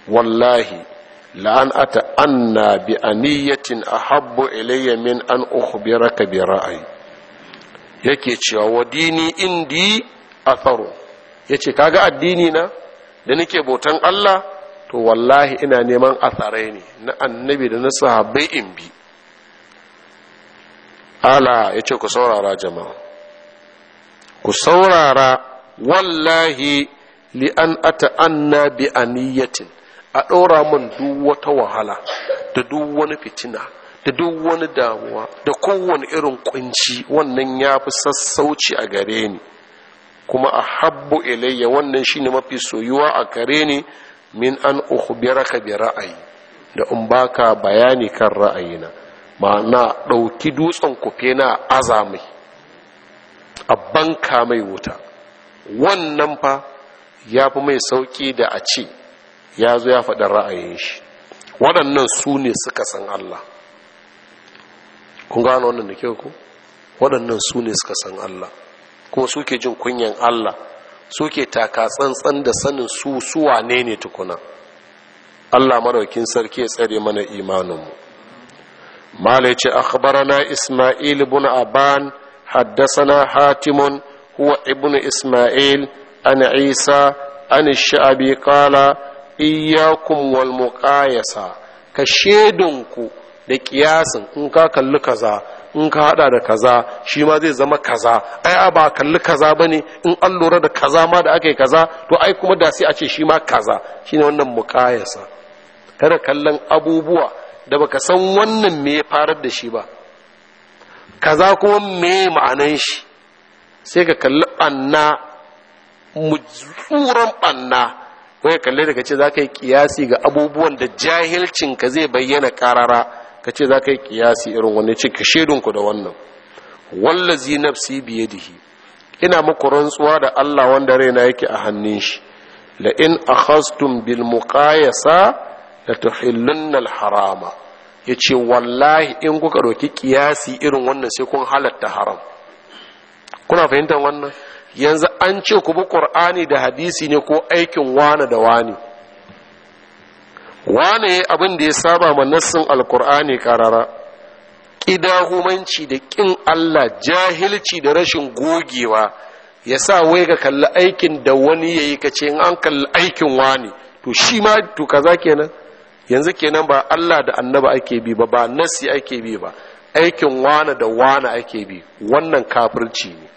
wallahi la'an ata anna bi aniyatin ahabbu ilayya min an ukhbiraka bi ra'ayi yake cewa wa dini indi atharun yace kaga addini na da nake bautan Allah to wallahi ina neman a atharai ne na annabi da na sahabai in bi ala ya ce ku saurara jama'a ku saurara wallahi li an ata'anna bi aniyatin a ɗora min duk wata wahala da duk wani fitina da duk wani damuwa da kowane irin kunci wannan ya fi sassauci a gare ni kuma a habbo ilayya wannan shine mafi soyuwa a gare ni min an ukhbiraka bi ra'ayi da in baka bayani kan ra'ayina ma'ana ɗauki dutsen kufe na azami mai a banka mai wuta wannan fa ya fi mai sauƙi da a ce ya zo ya faɗa ra'ayin shi waɗannan su ne suka san Allah kun gano wannan da kyau ku waɗannan su ne suka san Allah kuma suke jin kunyan Allah suke taka tsantsan da sanin su suwa ne ne tukuna Allah maraukin sarki ya tsare mana imaninmu malaice akhbarana isma'il ibn aban haddathana hatimun huwa ibn isma'il an isa an sha'abi qala iyyakum wal muqayasa ka shedunku da kiyasin in ka kalli kaza in ka hada da kaza shi ma zai zama kaza ai ba kalli kaza ba ne in an lura da kaza ma da aka yi kaza to ai kuma da sai a ce shi ma kaza shine wannan mukayasa kada kallon abubuwa da baka san wannan me ya farar da shi ba kaza kuma me ma'anan shi sai ka kalli banna mutsuran banna wai kalle daga ce za ka yi kiyasi ga abubuwan da jahilcinka zai bayyana karara ka ce za ka yi kiyasi irin wani ce ka shaidunku da wannan wallazi nafsi shi ina muku rantsuwa da Allah wanda raina yake a hannun shi la in akhastum bil muqayasa la tuhillunna al harama yace wallahi in kuka doki kiyasi irin wannan sai kun halatta haram kuna fahimtar wannan yanzu an ce ku bi qur'ani da hadisi ne ko aikin wani da wani wane abin da ya saba ma nassin alkur'ani karara ƙidahumanci da ƙin allah jahilci da rashin gogewa ya sa wai ga kalli aikin da wani ya yi ka in an kalli aikin wani to shi ma to kaza kenan yanzu kenan ba allah da annaba ake bi ba ba nassi ake bi ba aikin wani da wani ake bi wannan kafirci ne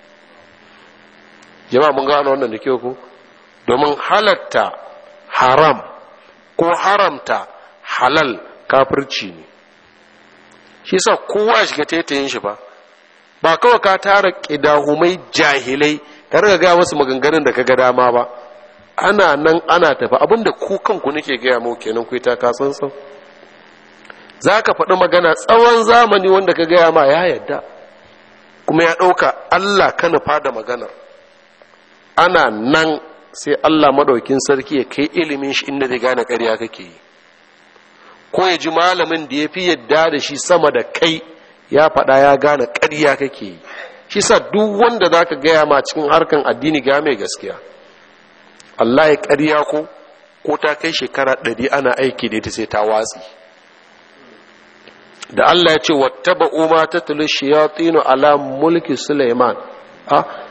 jama'a mun gano wannan da kyau ko domin halatta haram ko haramta halal kafirci ne shi sa kowa shiga taitayin shi ba ba kawai ka tara ƙidahumai jahilai ka riga gaya wasu maganganun da ka ga dama ba ana nan ana tafi abinda ku kanku nake gaya mu kenan ku ta za ka faɗi magana tsawon zamani wanda ka gaya ma ya yadda kuma ya ɗauka allah ka nufa da maganar ana nan sai Allah maɗaukin sarki ya kai ilimin shi inda zai gane ƙarya kake yi ko ya ji malamin da ya fi yadda da shi sama da kai ya faɗa ya gane ƙarya kake yi shi sa duk wanda za ka gaya ma cikin harkan addini ga mai gaskiya Allah ya ƙarya ko ko ta kai shekara ɗari ana aiki da ta sai ta watsi da Allah ya ce ma ta tatlu shayatin ala mulki Sulaiman a ah,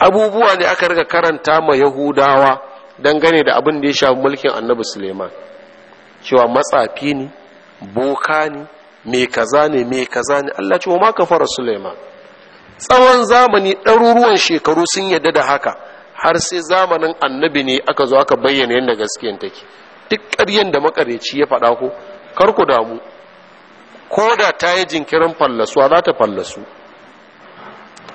abubuwa ne aka riga karanta ma yahudawa dangane da abin da ya shafi mulkin annabi suleiman cewa matsafi ne boka ne mai kaza ne mai kaza ne allah cewa ma fara suleiman tsawon zamani ɗaruruwan shekaru sun yadda da haka har sai zamanin annabi ne aka zo aka bayyana yadda gaskiyan take duk ƙaryen da makareci ya faɗa ko kar ku damu ko da ta yi jinkirin fallasuwa za ta fallasu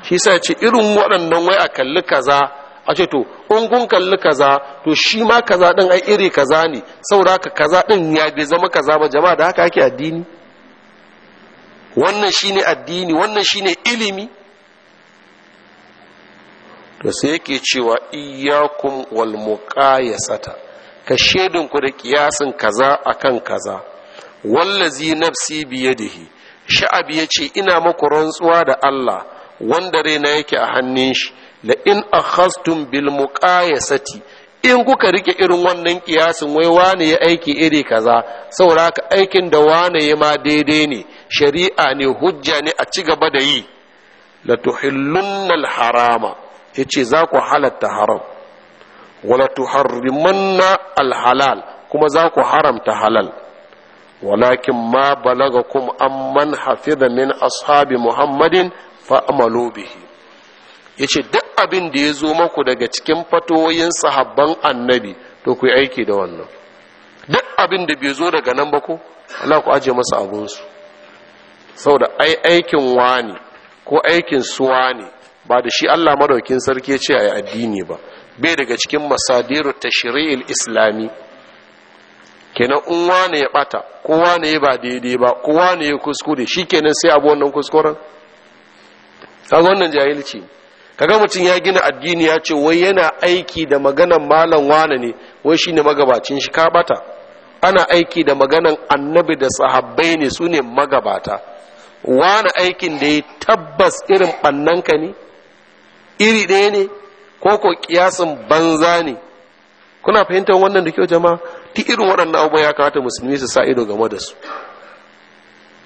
shi sa ce irin waɗannan wai a kalli kaza a ce to in kun kalli kaza to shi ma kaza ɗin ai iri kaza ne saboda kaza ɗin ya bai zama kaza ba jama'a da haka ake addini wannan shine addini wannan shine ilimi to sai yake cewa iyyakum wal muqayasata ka ku da kiyasin kaza akan kaza wallazi nafsi biyadihi sha'abi yace ina muku rantsuwa da Allah wanda raina yake a hannun shi la in akhastum bil muqayasati in kuka rike irin wannan kiyasin wai wane ya aiki iri kaza sauraka aikin da wane ya ma daidai ne shari'a ne hujja ne a ci gaba da yi la tuhillunnal harama yace za ku halatta haram wala tuharrimanna al halal kuma za ku haramta halal walakin ma balagakum amman hafiza min ashabi muhammadin fa'amalu bihi yace duk abin da ya zo maku daga cikin fatoyin sahabban annabi to ku yi aiki da wannan duk abin da bai zo daga nan ba ko Allah ku aje masa abunsu saboda ai aikin wani ko aikin suwa ne ba da shi Allah madaukin sarki ya ce a yi addini ba bai daga cikin masadiru tashri'il islami kenan in wani ya bata kowa ne ba daidai ba kowa ne ya kuskure Shi shikenan sai abu wannan kuskuren kaga wannan jahilci kaga mutum ya gina addini ya ce wai yana aiki da maganan malam wane ne wai shine magabacin shi ka ana aiki da maganan annabi da sahabbai ne su magabata wani aikin da ya tabbas irin ɓannanka ne iri ɗaya ne ko ko kiyasin banza ne kuna fahimtar wannan da kyau jama'a ti irin waɗannan abubuwa ya kamata musulmi su sa ido game da su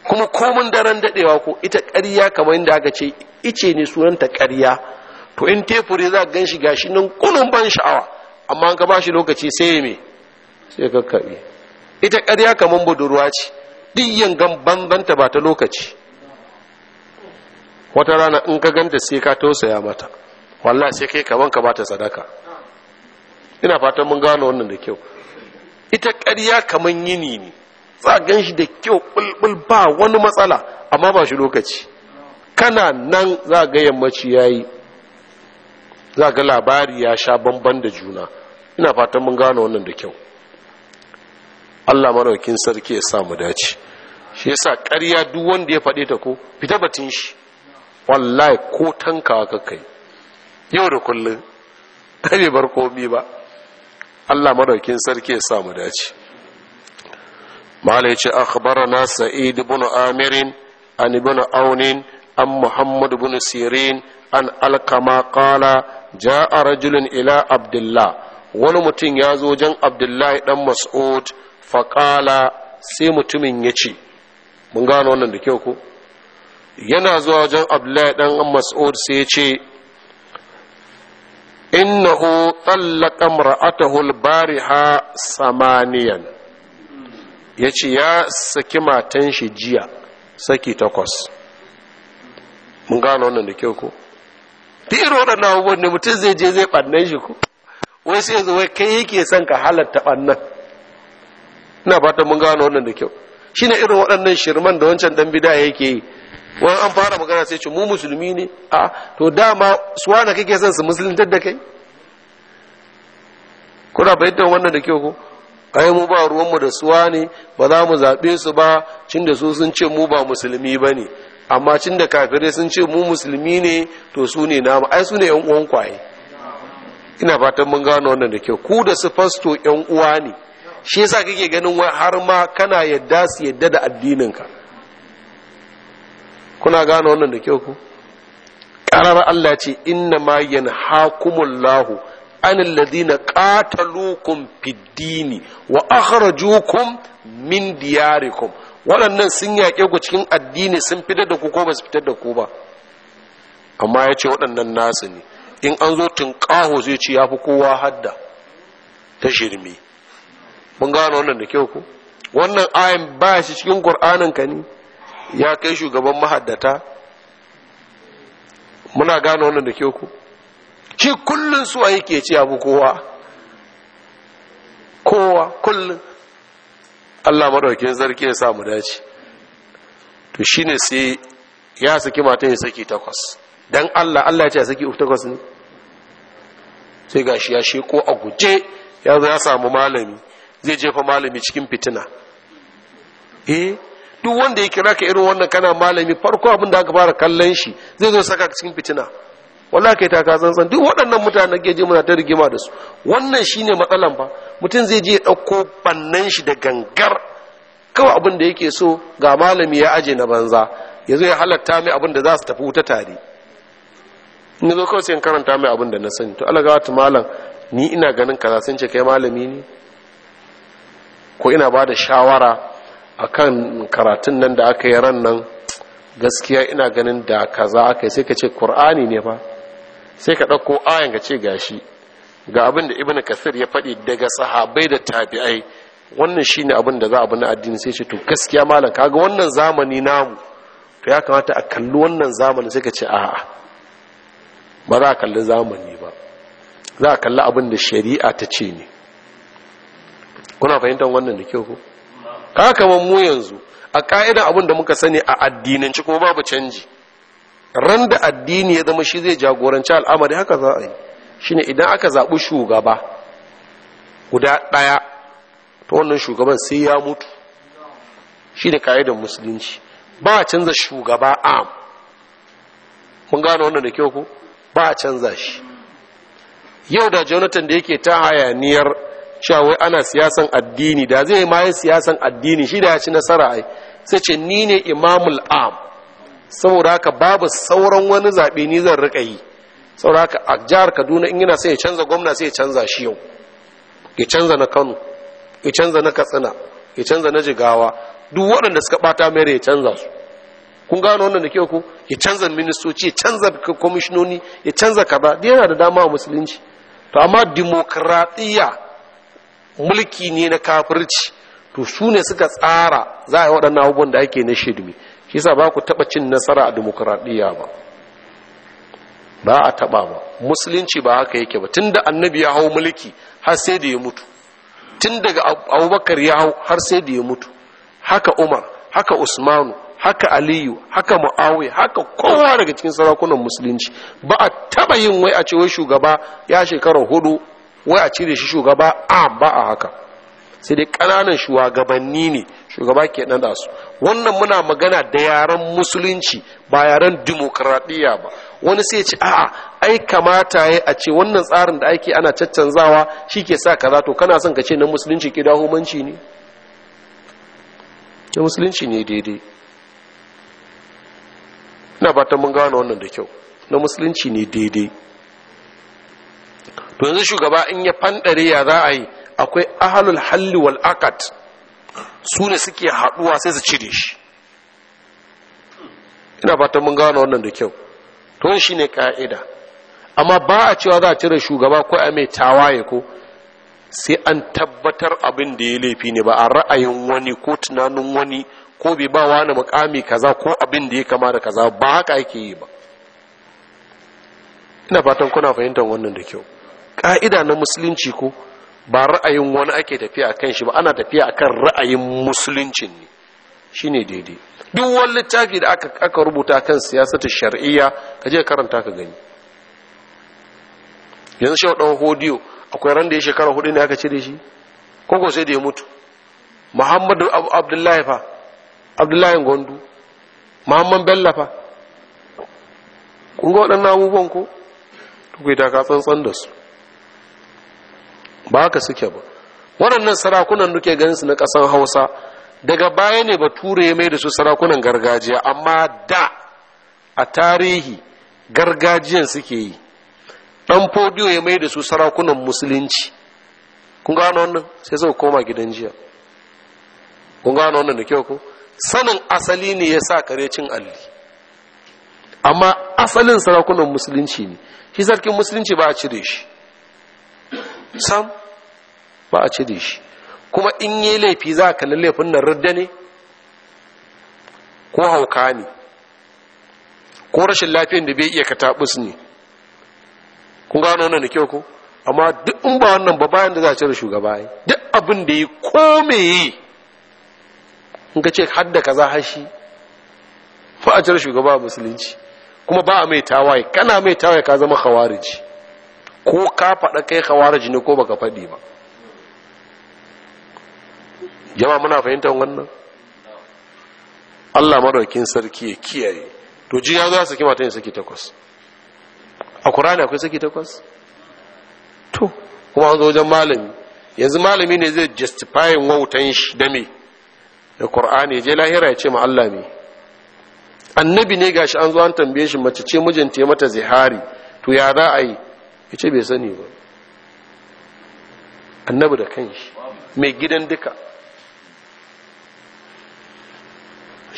kuma komin daren dadewa ko ita ƙarya kamar yadda aka ce ice ne sunanta ƙarya to in tefure za ka ganshi gashi nan kunun ban sha'awa amma an ka bashi lokaci sai me sai ka kabe ita ƙarya kamar budurwa ce duk gan banbanta ba ta lokaci wata rana in ka ganta sai ka tausaya mata wallahi sai kai kaman ka bata sadaka ina fatan mun gano wannan da kyau ita ƙarya kaman yini ne za a gan shi da kyau bulbul ba wani matsala amma ba shi lokaci kana nan za a ga yammaci yi za a ga labari ya sha bamban da juna ina fatan mun gano wannan da kyau Allah maraukin sarki ya samu dace shi yasa ƙarya duk wanda ya faɗe ta ko fita batun shi wallahi ko tankawa ka kai yau da kullum kare bar komi ba Allah maraukin sarki ya samu dace malai ce akhbarana sa'id ibn amirin an ibn aunin an muhammad ibn sirin an alkama qala ja'a rajulun ila abdullah wani mutum ya zo jan abdullahi dan mas'ud faƙala sai mutumin ya ce mun gano wannan da kyau ko yana zuwa jan abdullahi dan mas'ud sai ya ce innahu tallaka mar'atahu al-bariha samaniyan ya ce ya saki matan shi jiya saki takwas mun gano wannan da kyau ko duk irin waɗannan abubuwan ne mutum zai je zai ɓannan shi ko wai sai zuwa wai kai yake son ka halatta ɓannan ina fata mun gano wannan da kyau shine irin waɗannan shirman da wancan dan bida yake yi wani an fara magana sai ce mu musulmi ne a to dama suwana kake son su musuluntar da kai kuna bayyana wannan da kyau ko kai mu ba ruwanmu da suwa ne ba za mu zaɓe su ba cin da su sun ce mu ba musulmi ba ne amma cin da kafirai sun ce mu musulmi ne to su ne namu ai su ne yan uwan kwaye ina fatan mun gano wannan da kyau ku da su fasto yan uwa ne shi yasa kake ganin wai har ma kana yadda su yadda da addininka kuna gano wannan da kyau ku ƙarar Allah ce inna ma yanhakumullahu an alladhina qataluukum fid fiddini wa akhrajuukum min diyarikum waɗannan sun yaƙe ku cikin addini sun fitar da ku ko ba su fitar da ku ba amma ya ce waɗannan nasu ne in an zo tunƙaho zai ce ya fi kowa hadda ta shirme mun gano wannan da kyau ku wannan ayin ba shi cikin ƙur'anin ka ne ya kai shugaban mahaddata muna gano wannan da kyau ku shi kullum a yake ce abu kowa kowa kullum Allah maɗaukin zarki ya samu dace to shi ne sai ya saki mata ya saki takwas dan Allah Allah ya ce ya saki takwas ne sai gashi ya sheko a guje ya zo samu malami zai jefa malami cikin fitina eh duk wanda ya kira ka irin wannan kana malami farko abin da aka fara kallon shi zai zo saka cikin fitina wallahi kai ta ka tsantsan duk waɗannan mutanen ke je muna ta rigima da su wannan shine matsalan ba mutum zai je ya ɗauko bannan shi da gangar kawai abin da yake so ga malami ya aje na banza ya zo ya halatta mai abin da za su tafi wuta tare ni zo kawai sai in karanta mai abin da na sani to Allah ga malam ni ina ganin kaza sun ce kai malami ne ko ina ba da shawara akan karatun nan da aka yi ran nan gaskiya ina ganin da kaza aka sai ka ce qur'ani ne ba sai ka ɗauko ayan ka ce gashi ga abin da ibn kasir ya faɗi daga sahabai da tabi'ai wannan shine abin da za a bi na addini sai ce to gaskiya malam kaga wannan zamani namu to ya kamata a kalli wannan zamani sai ka ce a'a ba za a kalli zamani ba za a kalli abin da shari'a ta ce ne kuna fahimtar wannan da kyau ko haka mu yanzu a ka'idan abin da muka sani a addinanci kuma babu canji ran da addini ya zama shi zai jagoranci al'amari haka za a yi ne idan aka zaɓi shugaba guda ɗaya ta wannan shugaban sai ya mutu shi da ka'idar musulunci ba a canza shugaba am mun gano wannan da kyau ku ba a canza shi yau da jonathan da yake ta hayaniyar cewa ana siyasan addini da zai ma yi siyasan addini shi da ya ci nasara ai sai ce ni ne imamul am saboda haka babu sauran wani zaɓe ni zan riƙa yi saboda haka a jihar kaduna in yana sai ya canza gwamna sai ya canza shi yau ya canza na kano ya canza na katsina ya canza na jigawa duk waɗanda suka ɓata mere ya canza su kun gano wannan da kyau ku ya canza ministoci ya canza kwamishinoni ya canza kaza da yana da dama a musulunci to amma dimokuraɗiyya mulki ne na kafirci to su ne suka tsara za a yi waɗannan abubuwan da ake na shirme shi sa ba ku taɓa cin nasara a demokuraɗiyya ba ba a taɓa ba musulunci ba haka yake ba tun da annabi ya hau mulki har sai da ya mutu tun daga abubakar ya hau har sai da ya mutu haka umar haka usmanu haka aliyu haka mu'awi haka kowa daga cikin sarakunan musulunci ba a taba yin wai a ce wai shugaba ya shekara hudu wai a cire shi shugaba a ba a haka sai dai ƙananan shugabanni ne shugaba ke da su wannan muna magana da yaren musulunci ba yaren dimokuraɗiyya ba wani sai ce a'a ai kamata ya a ce wannan tsarin da ake ana caccanzawa shi ke sa kaza to kana son ka ce na musulunci ke dahomanci ne na musulunci ne daidai ina ba ta mun gano wannan da kyau na musulunci ne daidai to yanzu shugaba in ya fanɗare ya za a yi akwai ahalul halli wal akad su ne suke haɗuwa sai su cire shi ina fatan mun gano wannan da kyau to shi ne ka'ida amma ba a cewa za a cire shugaba ko a mai tawaye ko sai an tabbatar abin da ya laifi ne ba a ra'ayin wani ko tunanin wani ko bai ba wani mukami kaza ko abin da ya kama da kaza ba haka yake yi ba ina fatan kuna fahimtar wannan da kyau ka'ida na musulunci ko ba ra'ayin wani ake tafiya a kan shi ba ana tafiya a kan ra'ayin musuluncin ne shi ne daidai duk wani littafi da aka rubuta kan siyasata shari'iyya ka je karanta ka gani yanzu shi dan hodiyo akwai ran da ya shekara hudu ne aka cire shi ko sai da ya mutu muhammadu abdullahi fa abdullahi gondu Muhammadu bello fa kun ga waɗannan abubuwan ko to ta ka tsantsan da su ba haka suke ba waɗannan sarakunan duke ganin su na ƙasan hausa daga baya ne ba ya mai da su sarakunan gargajiya amma da a tarihi gargajiyan suke yi ɗan fodiyo ya mai da su sarakunan musulunci kun gano wannan sai zai koma gidan jiya kun gano wannan da kyau ko sanin asali ne ya sa kare cin alli amma asalin sarakunan musulunci ne shi sarkin musulunci ba a cire shi sam ba a ce da shi kuma in yi laifi za a kalli laifin nan radda ne ko hauka ne ko rashin lafiyan da bai iya ka katabus ne kun gano wannan da kyau ko amma duk in ba wannan ba bayan da za a cire shugaba yi duk abin da yi ko me yi in ka ce da kaza hashi fa a cire shugaba musulunci kuma ba a mai tawaye kana mai tawaye ka zama khawariji ko ka faɗa kai khawariji ne ko baka faɗi ba jama muna fahimta wannan Allah maraukin sarki ya kiyaye to ji ya za su kima ta yin saki takwas a Qur'ani akwai saki takwas to kuma an zo wajen malami yanzu malami ne zai justify wautan shi da me da qur'ani je lahira ya ce ma Allah ne annabi ne gashi an zo an tambaye shi mace ce mijinta ya mata zihari to ya za a yi ce bai sani ba annabi da kanshi mai gidan duka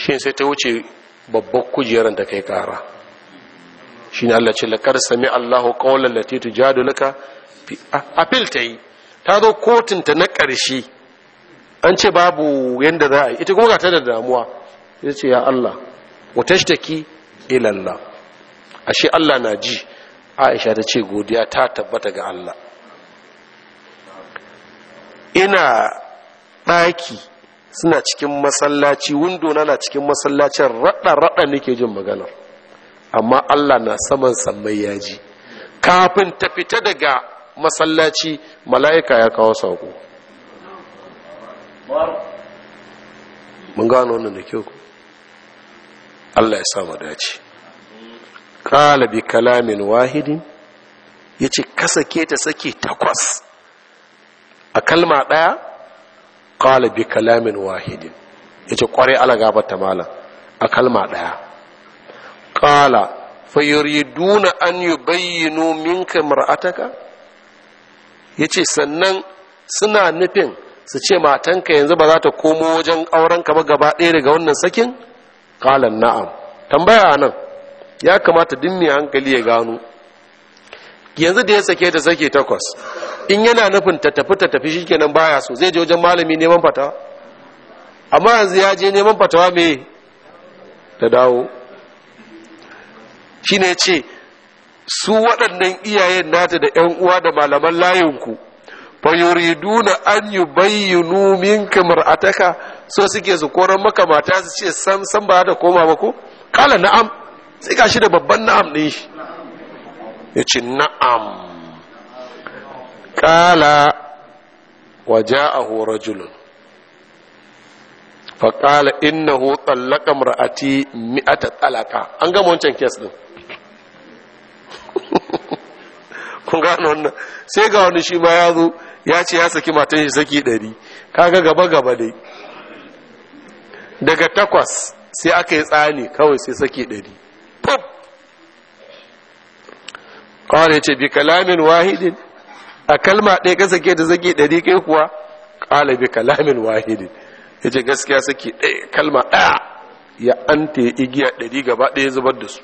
shi sai ta wuce babbar kujerar da kai kara shi ne Allah ce sami Allahu ƙaunar da titu jadulaka apil ta yi ta zo kotunta na ƙarshe an ce babu yadda za a yi ita kuma ta da damuwa ya ce ya Allah wata shi A ashe Allah na ji aisha ta ce godiya ta tabbata ga Allah ina ɗaki suna cikin masallaci windo na cikin masallacin raɗa-raɗa nake jin magana. amma Allah na saman samman yaji kafin ta fita daga masallaci mala'ika ya kawo saƙo mun gano wannan da kyau Allah ya samu dace ƙala kalamin wahidin ya ce kasake ta sake takwas a kalma ɗaya qala bi kalamin wahidin yace kware ala ta malam a kalma daya qala fa yuriduna an yubayyinu minka mar'ataka yace sannan suna nufin su ce matanka yanzu ba za ta komo wajen auren ka ba gaba ɗaya daga wannan sakin qala na'am tambaya nan ya kamata duk mai hankali ya gano yanzu da ya sake ta sake takwas in yana nufin ta tafi ta tafi shikenan baya so zai je wajen malami neman fatawa amma yanzu ya je neman fatawa me ta dawo shine ce su waɗannan iyayen nata da 'yan uwa da malaman layinku fayoriduna an yi bayyanu minka mar'ataka so suke su koran maka mata su ce san san ba da koma ba ko kala na'am sai gashi da babban na'am ɗin shi ya ce na'am qala wa ja'ahu rajulun fa qala innahu talaqa imra'ati mi'ata talaqa an gama wancan kes din kun gano wannan sai ga wani shi ma ya zo ya ce ya saki matan shi saki ɗari kaga gaba gaba ne. daga takwas sai aka yi tsani kawai sai saki ɗari pop kawai ce bi kalamin wahidin a kalma ɗaya ka sake ta saki ɗari kai kuwa ƙala bi kalamin wahidi ya ce gaskiya sake ɗaya kalma ɗaya ya anta igiya ɗari gaba ɗaya zubar da su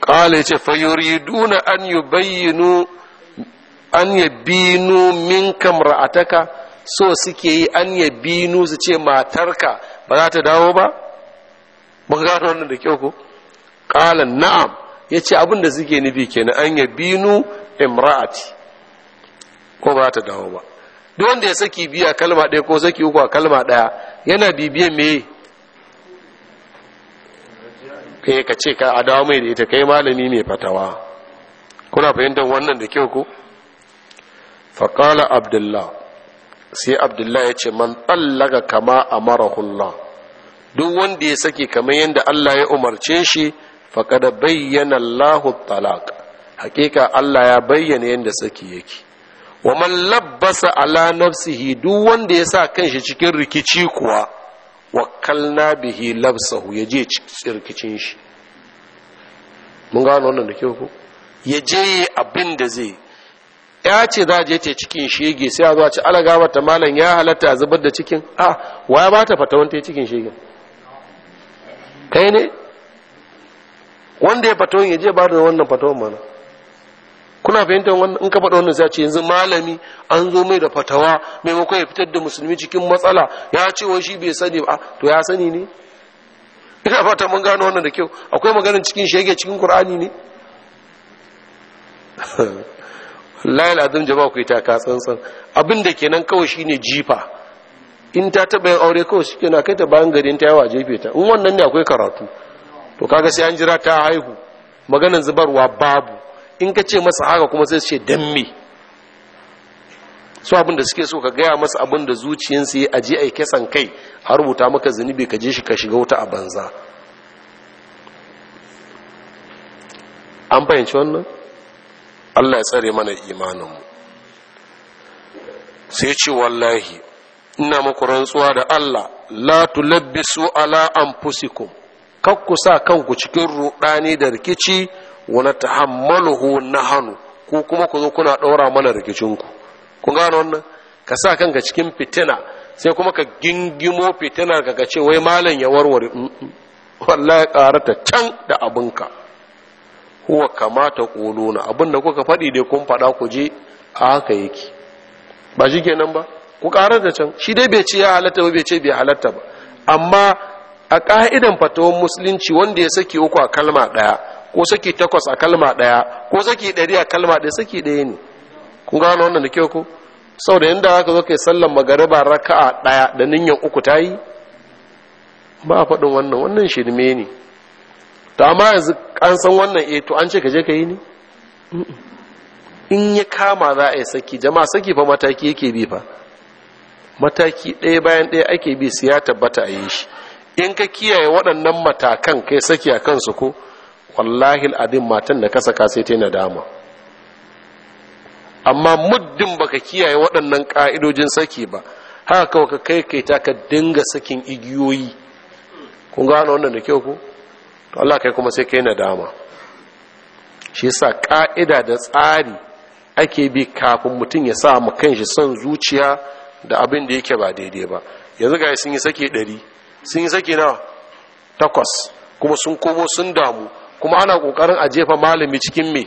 ƙala ya ce duna an yi bayyano an yi binu min so suke yi an yi binu su ce matarka ba za ta dawo ba mun gano wannan da kyau ko ƙala na'am ya ce abin da suke nufi kenan an yi binu imra'ati ko ba ta dawo ba duk wanda ya saki biya kalma ɗaya ko saki uku a kalma ɗaya yana bibiyan me kai eh, ka ce ka a dawo mai da ita kai malami mai fatawa kuna fahimtar wannan da kyau ko faƙala abdullah sai abdullah ya ce man tsallaga kama a marahullah duk wanda ya saki kamar yadda allah ya umarce shi faƙada bayyana allahu talaq hakika allah ya bayyana yadda saki yake wa man labbasa ala nafsihi duk wanda ya sa kanshi cikin rikici kuwa wakkalna bihi labsahu ya je rikicin shi mun gano wannan da ke ko ya je abin da zai ya ce za je ce cikin shege sai a zo a ci alaga ta malam ya halatta zubar da cikin a wa ba ta fata ya cikin shege? kai ne wanda ya fatawan ya je ba da wannan fata mana kuna fahimtar wannan in ka faɗa wannan sai ce yanzu malami an zo mai da fatawa maimakon ya fitar da musulmi cikin matsala ya ce wai shi bai sani ba to ya sani ne ina fata mun gano wannan da kyau akwai maganin cikin shege cikin qur'ani ne wallahi alazim jama'a ku ita ka tsantsan abin da kenan kawai shine jifa in ta taba yin aure kawai shike na kai ta bayan gari ta yawa jefe ta in wannan ne akwai karatu to kaga sai an jira ta haihu maganan zubarwa babu in ka ce masa haka kuma sai ce dan me su abinda suke so ka gaya masa abinda da zuciyarsu ya aji a kesan kai a rubuta maka zunubi ka je shi ka shiga wuta a banza an fahimci wannan allah ya tsare mana imaninmu sai ce wallahi ina maku rantsuwa da allah la tulabbisu ala anfusikum kakku sa kanku cikin ruɗani da rikici wani tahammaluhu na hannu ko kuma ku zo kuna ɗora mana rikicinku ku gano wannan ka sa kanka cikin fitina sai kuma ka gingimo fitina ka ce wai malam ya warware mm, mm. wallahi ta can da abinka huwa kamata nuna, abin da kuka faɗi dai kun faɗa ku je a haka yake ba shi kenan ba ku ƙarar da can shi dai bai ce ya halatta ba bai ce bai halatta ba amma a ƙa'idan fatawan musulunci wanda ya saki uku a kalma ɗaya ko saki takwas a kalma ɗaya ko saki ɗari a kalma ɗaya saki ɗaya ne kun gano wannan da kyau ko sau da yadda aka zo kai sallan magariba raka'a ɗaya da ninyan uku ta yi ba a faɗin wannan wannan shirme ne ta amma yanzu an san wannan eh to an ce ka je ka yi ne in ya kama za a yi saki jama'a saki fa mataki yake bi fa mataki ɗaya bayan ɗaya ake bi su ya tabbata a yi shi in ka kiyaye waɗannan matakan kai saki a kansu ko wallahil abin matan da ka saka sai ta nadama amma muddin baka kiyaye waɗannan ƙa'idojin saki ba haka kawai ka kai kai ta ka dinga sakin igiyoyi kun gano wannan da kyau ku to Allah kai kuma sai kai nadama shi yasa ƙa'ida da tsari ake bi kafin mutum ya sa mu kanshi son zuciya da abin da yake ba daidai ba yanzu ga sun yi sake ɗari sun yi sake nawa takwas kuma sun komo sun damu kuma ana kokarin a jefa malami cikin me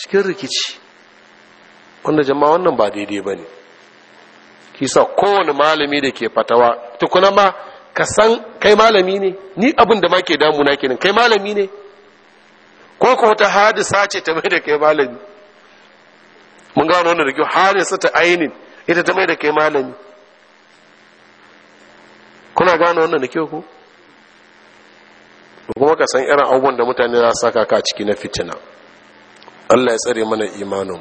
cikin rikici wanda jama'a wannan ba daidai ba ne kisa kowane malami da ke fatawa tukuna ma ka san kai malami ne ni abin da ma ke damuna kenan kai malami ne ko ko ta hadisa ce ta mai da kai malami mun gano wannan da kyau hadisa ta ainin ita ta mai da kai malami kuna gano wannan da kyau ko to kuma ka san irin abubuwan da mutane za su saka ka ciki na fitina Allah ya tsare mana imanin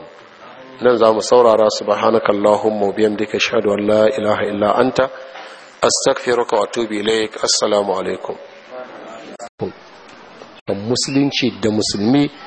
nan za mu saurara subhanaka allahumma bihamdika ashhadu an la ilaha illa anta astaghfiruka wa atubu ilaik assalamu alaikum musulunci da musulmi